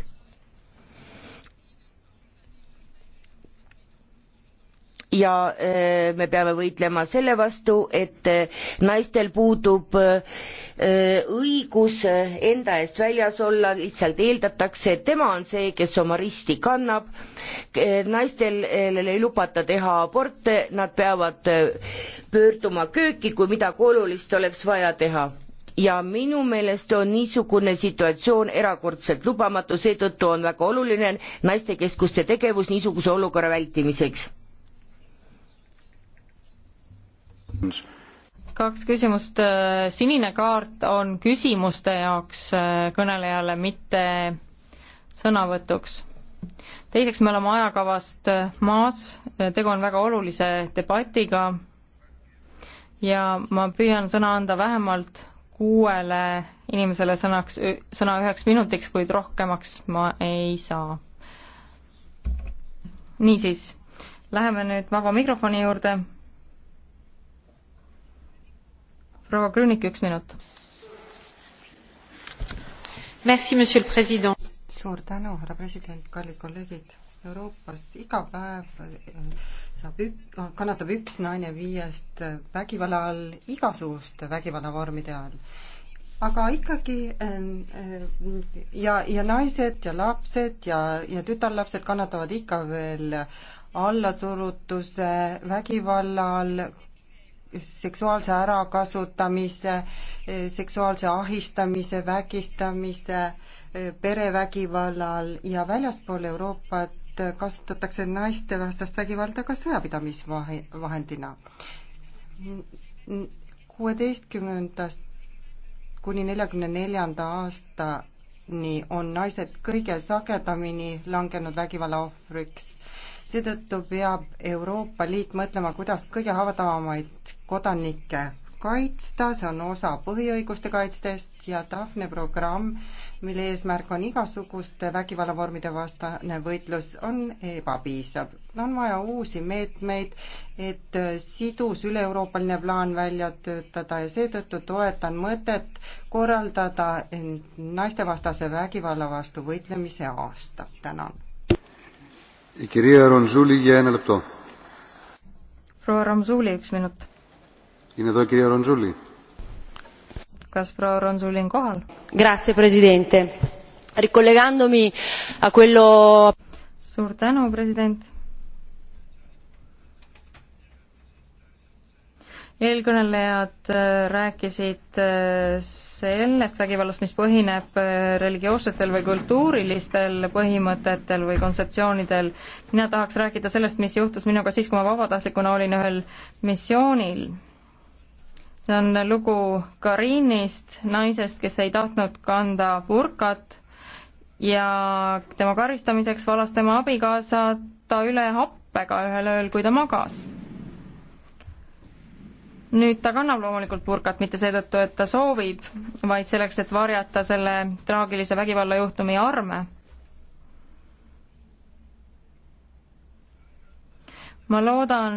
ja eh, me peame võitlema selle vastu, et eh, naistel puudub eh, õigus enda eest väljas olla, lihtsalt eeldatakse, et tema on see, kes oma risti kannab. naistel ei lubata teha aborte, nad peavad pöörduma kööki, kui midagi olulist oleks vaja teha ja minu meelest on niisugune situatsioon erakordselt lubamatu, seetõttu on väga oluline naistekeskuste tegevus niisuguse olukorra vältimiseks kaks küsimust. Äh, sinine kaart on küsimuste jaoks äh, kõnelejale, mitte sõnavõtuks. teiseks, me oleme ajakavast äh, maas, tegu on väga olulise debatiga ja ma püüan sõna anda vähemalt kuuele inimesele sõnaks, sõna üheks minutiks, kuid rohkemaks ma ei saa. niisiis, läheme nüüd vaba mikrofoni juurde proua Krünik, üks minut. suur tänu, härra president, kallid kolleegid. Euroopas iga päev äh, saab ük-, äh, kannatab üks naine viiest äh, vägivalla all, igasuguste vägivallavormide all aga ikkagi ja, ja naised ja lapsed ja, ja tütarlapsed kannatavad ikka veel allasurutuse, vägivalla all, seksuaalse ärakasutamise, seksuaalse ahistamise, vägistamise, perevägivallal ja väljaspool Euroopat kasutatakse naistevastast vägivalda ka sõjapidamisvahendina. kuueteistkümnendast kuni neljakümne neljanda aastani on naised kõige sagedamini langenud vägivalla ohvriks seetõttu peab Euroopa Liit mõtlema, kuidas kõige haavatavamaid kodanikke kaitsta, see on osa põhiõiguste kaitstest ja Daphne programm, mille eesmärk on igasuguste vägivallavormide vastane võitlus, on ebapiisav. on vaja uusi meetmeid, et sidus üle-euroopaline plaan välja töötada ja seetõttu toetan mõtet korraldada naistevastase vägivalla vastu võitlemise aasta. tänan proua Ronzuli, üks minut. kas proua Ronzuli on kohal? Grazie, president. Ricollegandomi a quello suur tänu, president eelkõnelejad äh, rääkisid äh, sellest vägivallast, mis põhineb äh, religioossetel või kultuurilistel põhimõtetel või kontseptsioonidel. mina tahaks rääkida sellest, mis juhtus minuga siis, kui ma vabatahtlikuna olin ühel missioonil. see on lugu Karinist, naisest, kes ei tahtnud kanda burkat ja tema karistamiseks valas tema abikaasa ta üle happega ühel ööl, kui ta magas nüüd ta kannab loomulikult burkat mitte seetõttu, et ta soovib, vaid selleks, et varjata selle traagilise vägivallajuhtumi arme. ma loodan,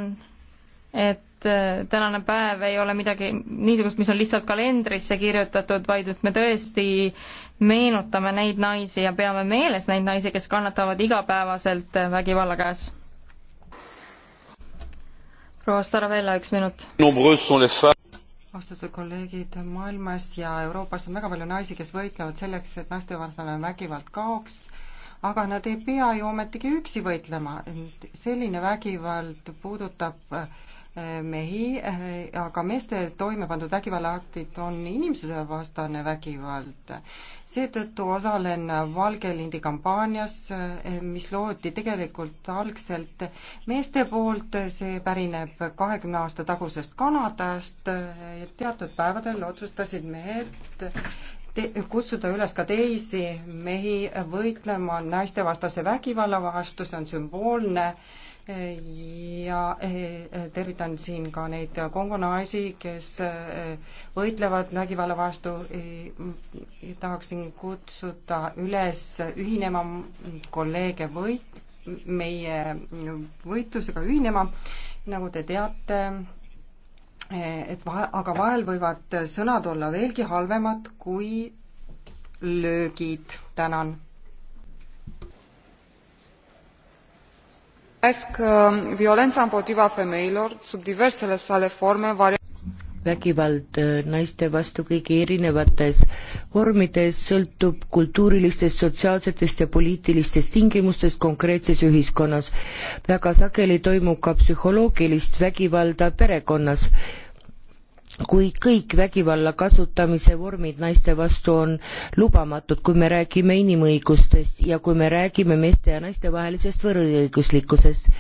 et äh, tänane päev ei ole midagi niisugust, mis on lihtsalt kalendrisse kirjutatud, vaid et me tõesti meenutame neid naisi ja peame meeles neid naisi, kes kannatavad igapäevaselt äh, vägivalla käes proua Staravella, üks minut. austatud kolleegid, maailmas ja Euroopas on väga palju naisi, kes võitlevad selleks, et naistevastane vägivald kaoks, aga nad ei pea ju ometigi üksi võitlema. selline vägivald puudutab äh, mehi, aga meeste toime pandud vägivallaaktid on inimsusevastane vägivald. seetõttu osalen Valge lindi kampaanias, mis loodi tegelikult algselt meeste poolt, see pärineb kahekümne aasta tagusest Kanadast, teatud päevadel otsustasid mehed te-, kutsuda üles ka teisi mehi võitlema naistevastase vägivalla vastu, see on sümboolne äh, ja eh, tervitan siin ka neid Kongo naisi, kes eh, võitlevad vägivalla vastu. E, tahaksin kutsuda üles ühinema kolleege võit, meie võitlusega ühinema. nagu te teate, e, et vahe, aga vahel võivad sõnad olla veelgi halvemad kui löögid. tänan Um, violena împotriva femeilor sub diversele sale forme vägivald äh, naiste vastu kõigi erinevates vormides sõltub kultuurilistest, sotsiaalsetest ja poliitilistest tingimustest konkreetses ühiskonnas. väga sageli toimub ka psühholoogilist vägivalda perekonnas kuid kõik vägivalla kasutamise vormid naiste vastu on lubamatud, kui me räägime inimõigustest ja kui me räägime meeste ja naiste vahelisest võrdõiguslikkusest.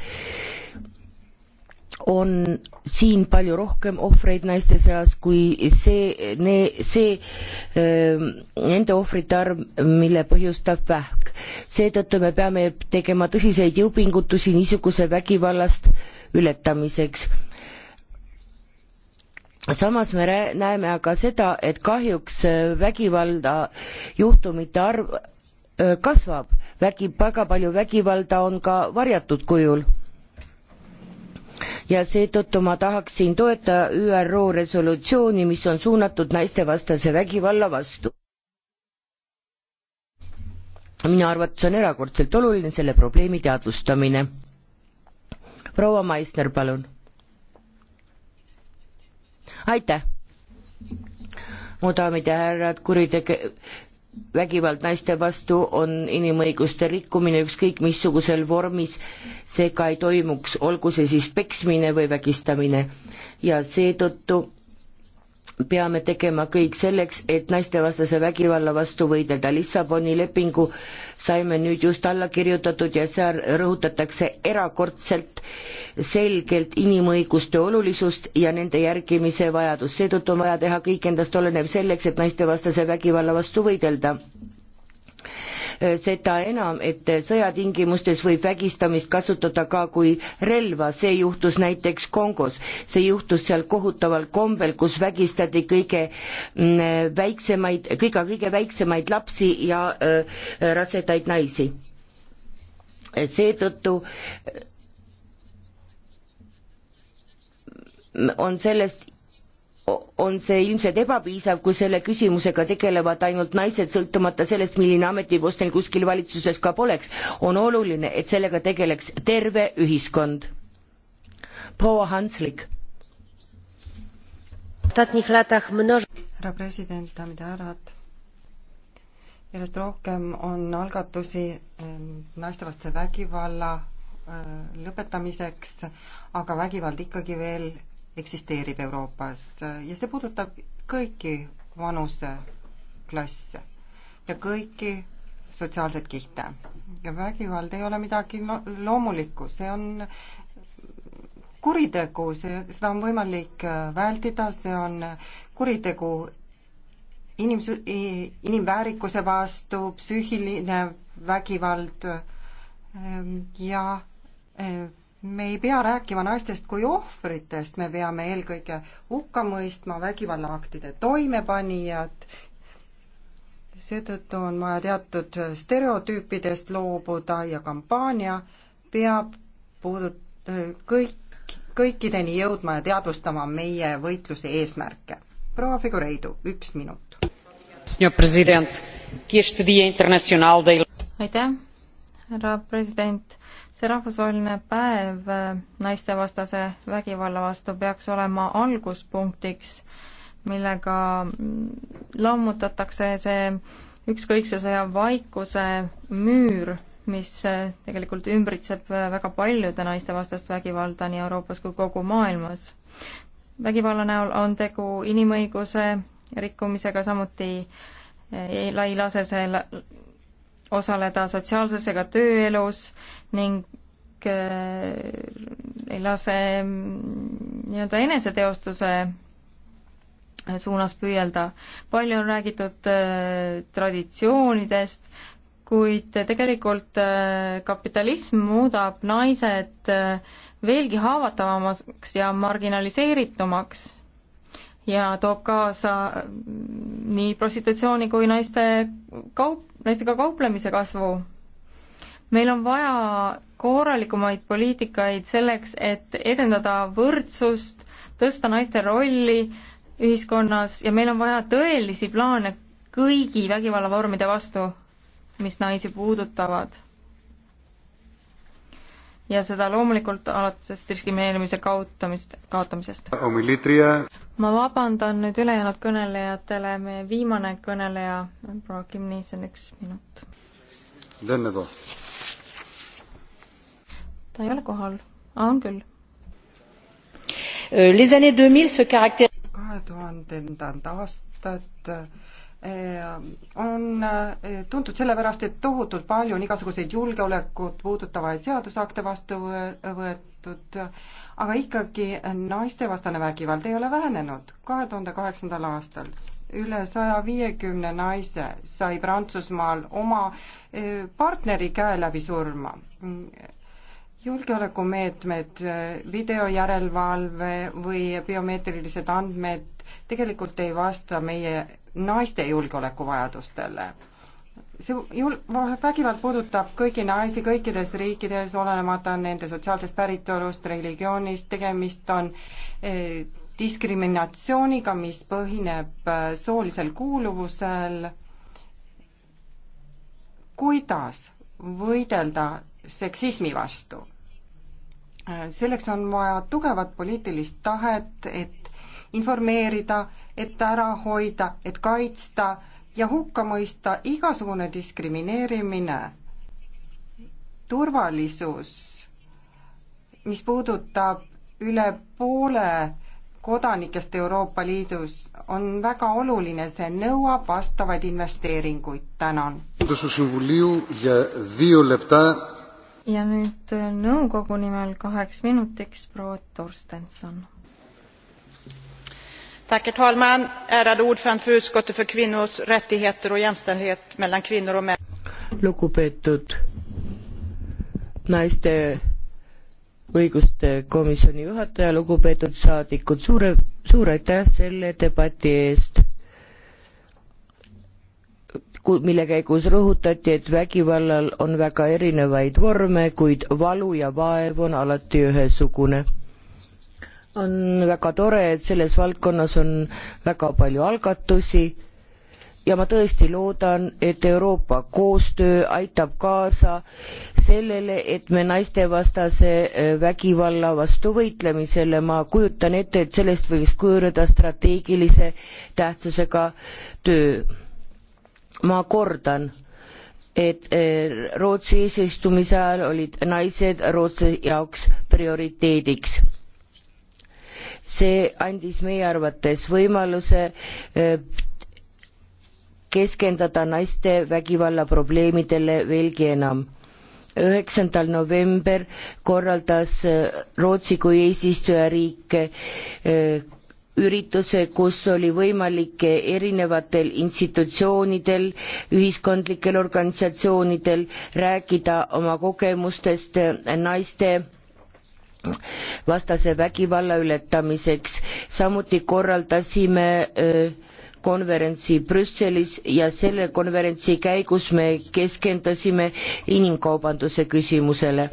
on siin palju rohkem ohvreid naiste seas kui see, see, nende ohvrite arv, mille põhjustab vähk. seetõttu me peame tegema tõsiseid jõupingutusi niisuguse vägivallast ületamiseks samas me näeme aga seda, et kahjuks äh, vägivalda juhtumite arv äh, kasvab, vägi, väga palju vägivalda on ka varjatud kujul. ja seetõttu ma tahaksin toetada ÜRO resolutsiooni, mis on suunatud naistevastase vägivalla vastu. minu arvates on erakordselt oluline selle probleemi teadvustamine. proua Maisner, palun aitäh! mu daamid ja härrad, kuritege-, vägivald naiste vastu on inimõiguste rikkumine ükskõik missugusel vormis, seega ei toimuks, olgu see siis peksmine või vägistamine. ja seetõttu peame tegema kõik selleks, et naistevastase vägivalla vastu võidelda. Lissaboni lepingu saime nüüd just alla kirjutatud ja seal rõhutatakse erakordselt selgelt inimõiguste olulisust ja nende järgimise vajadust. seetõttu on vaja teha kõik endast olenev selleks, et naistevastase vägivalla vastu võidelda Äh, seda enam, et äh, sõjatingimustes võib vägistamist kasutada ka kui relva, see juhtus näiteks Kongos, see juhtus seal kohutaval kombel, kus vägistati kõige mm, äh, väiksemaid, kõige, kõige väiksemaid lapsi ja rasedaid naisi. seetõttu on sellest on see ilmselt ebapiisav, kui selle küsimusega tegelevad ainult naised, sõltumata sellest, milline ametipost neil kuskil valitsuses ka poleks. on oluline, et sellega tegeleks terve ühiskond. proua Hanslik. härra president, daamid ja härrad, järjest rohkem on algatusi naistevastase vägivalla lõpetamiseks, aga vägivald ikkagi veel eksisteerib Euroopas ja see puudutab kõiki vanuseklasse ja kõiki sotsiaalseid kihte. ja vägivald ei ole midagi loomulikku, see on kuritegu, see, seda on võimalik äh, vältida, see on kuritegu inims-, inimväärikuse vastu, psüühiline vägivald ähm, ja äh, me ei pea rääkima naistest kui ohvritest, me peame eelkõige hukka mõistma vägivallaaktide toimepanijad, seetõttu on vaja teatud stereotüüpidest loobuda ja kampaania peab puudut-, kõik, kõikideni jõudma ja teadvustama meie võitluse eesmärke. proua Figureidu, üks minut. aitäh, härra president see rahvusvaheline päev äh, naistevastase vägivalla vastu peaks olema alguspunktiks, millega mm, lammutatakse see ükskõiksuse ja vaikuse müür, mis äh, tegelikult ümbritseb äh, väga paljude naistevastast vägivalda nii Euroopas kui kogu maailmas. vägivalla näol on tegu inimõiguse rikkumisega, samuti ei lase see osaleda sotsiaalses ega tööelus ning äh, ei lase mm, nii-öelda eneseteostuse suunas püüelda. palju on räägitud äh, traditsioonidest, kuid tegelikult äh, kapitalism muudab naised veelgi haavatavamaks ja marginaliseeritumaks ja toob kaasa mm, nii prostitutsiooni kui naiste kaup, naistega kauplemise kasvu meil on vaja korralikumaid poliitikaid selleks, et edendada võrdsust, tõsta naiste rolli ühiskonnas ja meil on vaja tõelisi plaane kõigi vägivallavormide vastu, mis naisi puudutavad. ja seda loomulikult alates diskrimineerimise kaotamist, kaotamisest. ma vabandan nüüd ülejäänud kõnelejatele, meie viimane kõneleja, proua Kim Niis on üks minut. Denne toa ta ei ole kohal. on küll. Äh, kahe tuhandendad aastad äh, on äh, tuntud sellepärast, et tohutult palju on igasuguseid julgeolekut puudutavaid seadusakte vastu võetud, aga ikkagi naistevastane vägivald ei ole vähenenud. kahe tuhande kaheksandal aastal üle saja viiekümne naise sai Prantsusmaal oma partneri käe läbi surma julgeolekumeetmed, videojärelevalve või biomeetrilised andmed tegelikult ei vasta meie naiste julgeolekuvajadustele. see jul-, vägivald puudutab kõiki naisi kõikides riikides, olenemata nende sotsiaalsest päritolust, religioonist, tegemist on eh, diskriminatsiooniga, mis põhineb eh, soolisel kuuluvusel. kuidas võidelda seksismi vastu? selleks on vaja tugevat poliitilist tahet, et informeerida, et ära hoida, et kaitsta ja hukka mõista igasugune diskrimineerimine. turvalisus, mis puudutab üle poole kodanikest Euroopa Liidus, on väga oluline, see nõuab vastavaid investeeringuid, tänan ja nüüd äh, nõukogu nimel kaheks minutiks proua Torstensson. Tack herr talman, ärade ordförande för utskottet för kvinnors rättigheter och jämställdhet mellan kvinnor och män. lugupeetud naiste õiguste komisjoni juhataja, lugupeetud saadikud, suure, suur aitäh selle debati eest mille käigus rõhutati, et vägivallal on väga erinevaid vorme, kuid valu ja vaev on alati ühesugune on väga tore, et selles valdkonnas on väga palju algatusi ja ma tõesti loodan, et Euroopa koostöö aitab kaasa sellele, et me naistevastase äh, vägivalla vastu võitlemisele, ma kujutan ette, et sellest võiks kujuneda strateegilise tähtsusega töö ma kordan, et eh, Rootsi eesistumise ajal olid naised Rootsi jaoks prioriteediks. see andis meie arvates võimaluse eh, keskenduda naiste vägivalla probleemidele veelgi enam üheksandal november korraldas eh, Rootsi kui eesistujariik ürituse, kus oli võimalik erinevatel institutsioonidel, ühiskondlikel organisatsioonidel rääkida oma kogemustest naiste vastase vägivalla ületamiseks. samuti korraldasime äh, konverentsi Brüsselis ja selle konverentsi käigus me keskendusime inimkaubanduse küsimusele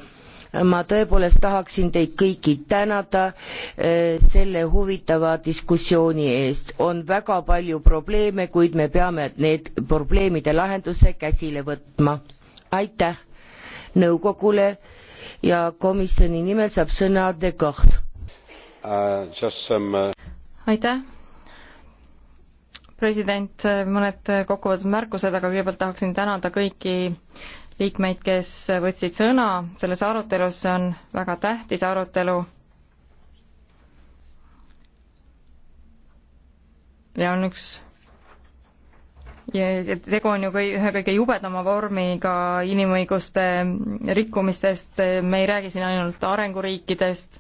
ma tõepoolest tahaksin teid kõiki tänada eh, selle huvitava diskussiooni eest. on väga palju probleeme, kuid me peame need probleemide lahenduse käsile võtma. aitäh nõukogule ja komisjoni nimel saab sõna De Koht uh,. Some... Uh, aitäh president, mõned kokkuvõtvad märkused, aga kõigepealt tahaksin tänada kõiki liikmeid, kes võtsid sõna selles arutelus, see on väga tähtis arutelu. ja on üks ja tegu on ju kõi-, ühe kõige jubedama vormiga inimõiguste rikkumistest, me ei räägi siin ainult arenguriikidest,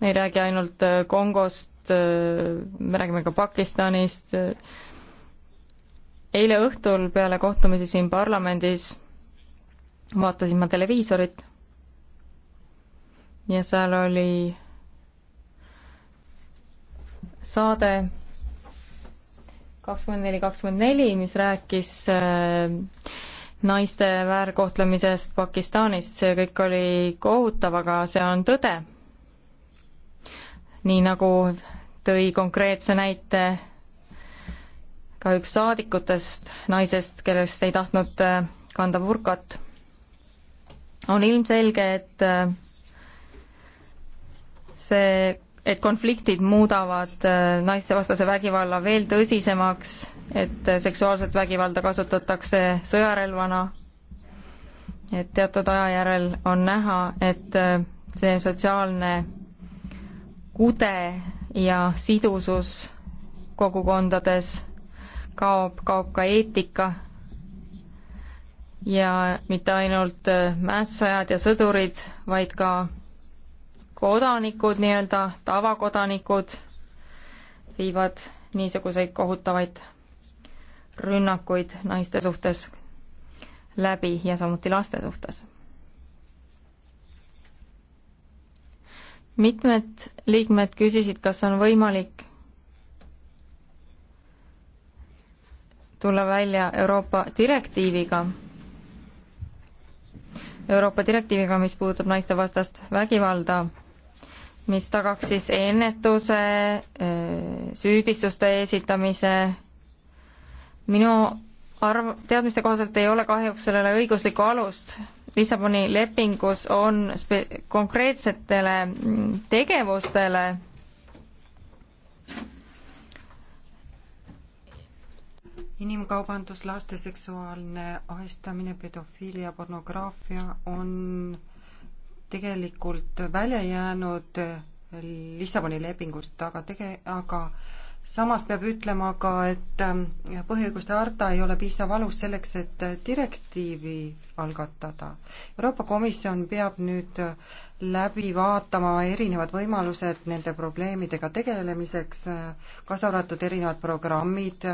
me ei räägi ainult äh, Kongost, äh, me räägime ka Pakistanist, eile õhtul peale kohtumisi siin parlamendis vaatasin ma televiisorit ja seal oli saade kakskümmend neli, kakskümmend neli, mis rääkis äh, naiste väärkohtlemisest Pakistanist, see kõik oli kohutav, aga see on tõde. nii nagu tõi konkreetse näite ka üks saadikutest naisest, kellest ei tahtnud äh, kanda burkat on ilmselge, et äh, see, et konfliktid muudavad äh, naistevastase vägivalla veel tõsisemaks, et äh, seksuaalset vägivalda kasutatakse sõjarelvana, et teatud aja järel on näha, et see sotsiaalne kude ja sidusus kogukondades kaob, kaob ka eetika ja mitte ainult äh, mässajad ja sõdurid, vaid ka kodanikud nii-öelda, tavakodanikud viivad niisuguseid kohutavaid rünnakuid naiste suhtes läbi ja samuti laste suhtes. mitmed liikmed küsisid, kas on võimalik tulla välja Euroopa direktiiviga Euroopa direktiiviga, mis puudutab naistevastast vägivalda, mis tagaks siis ennetuse, eh, süüdistuste esitamise. minu arv, teadmiste kohaselt ei ole kahjuks sellele õiguslikku alust. Lissaboni lepingus on spe-, konkreetsetele mm, tegevustele inimkaubandus, laste seksuaalne ahistamine, pedofiilia, pornograafia on tegelikult välja jäänud Lissaboni lepingust, aga tege-, aga samas peab ütlema ka, et ähm, põhiõiguste harta ei ole piisav alus selleks, et direktiivi algatada. Euroopa Komisjon peab nüüd äh, läbi vaatama erinevad võimalused nende probleemidega tegelemiseks, äh, kaasa arvatud erinevad programmid,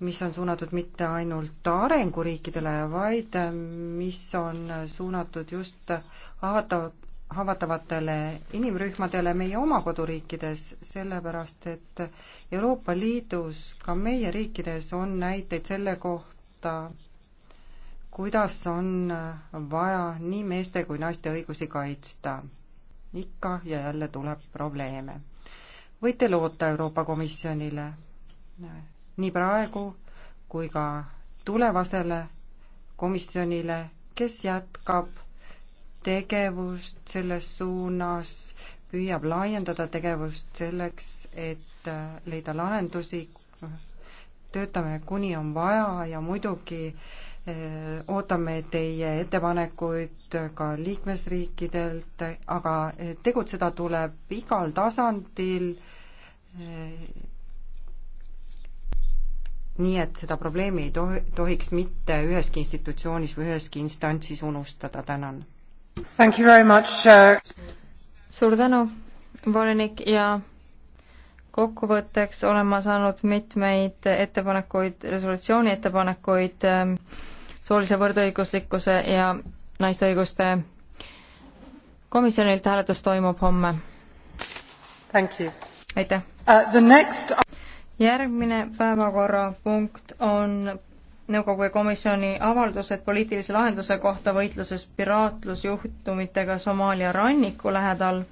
mis on suunatud mitte ainult arenguriikidele, vaid äh, mis on suunatud just haavatav, haavatavatele inimrühmadele meie oma koduriikides, sellepärast et Euroopa Liidus, ka meie riikides on näiteid selle kohta, kuidas on äh, vaja nii meeste kui naiste õigusi kaitsta. ikka ja jälle tuleb probleeme. võite loota Euroopa Komisjonile nii praegu kui ka tulevasele komisjonile, kes jätkab tegevust selles suunas, püüab laiendada tegevust selleks, et äh, leida lahendusi, töötame kuni on vaja ja muidugi äh, ootame teie ettepanekuid ka liikmesriikidelt, aga äh, tegutseda tuleb igal tasandil nii et seda probleemi ei tohi, tohiks mitte üheski institutsioonis või üheski instantsis unustada, tänan. suur tänu, volinik, ja kokkuvõtteks olen ma saanud mitmeid ettepanekuid, resolutsiooni ettepanekuid ähm, soolise võrdõiguslikkuse ja naiste õiguste komisjonilt, hääletus toimub homme. aitäh! Uh, next järgmine päevakorrapunkt on nõukogu ja komisjoni avaldused poliitilise lahenduse kohta võitluses piraatlusjuhtumitega Somaalia ranniku lähedal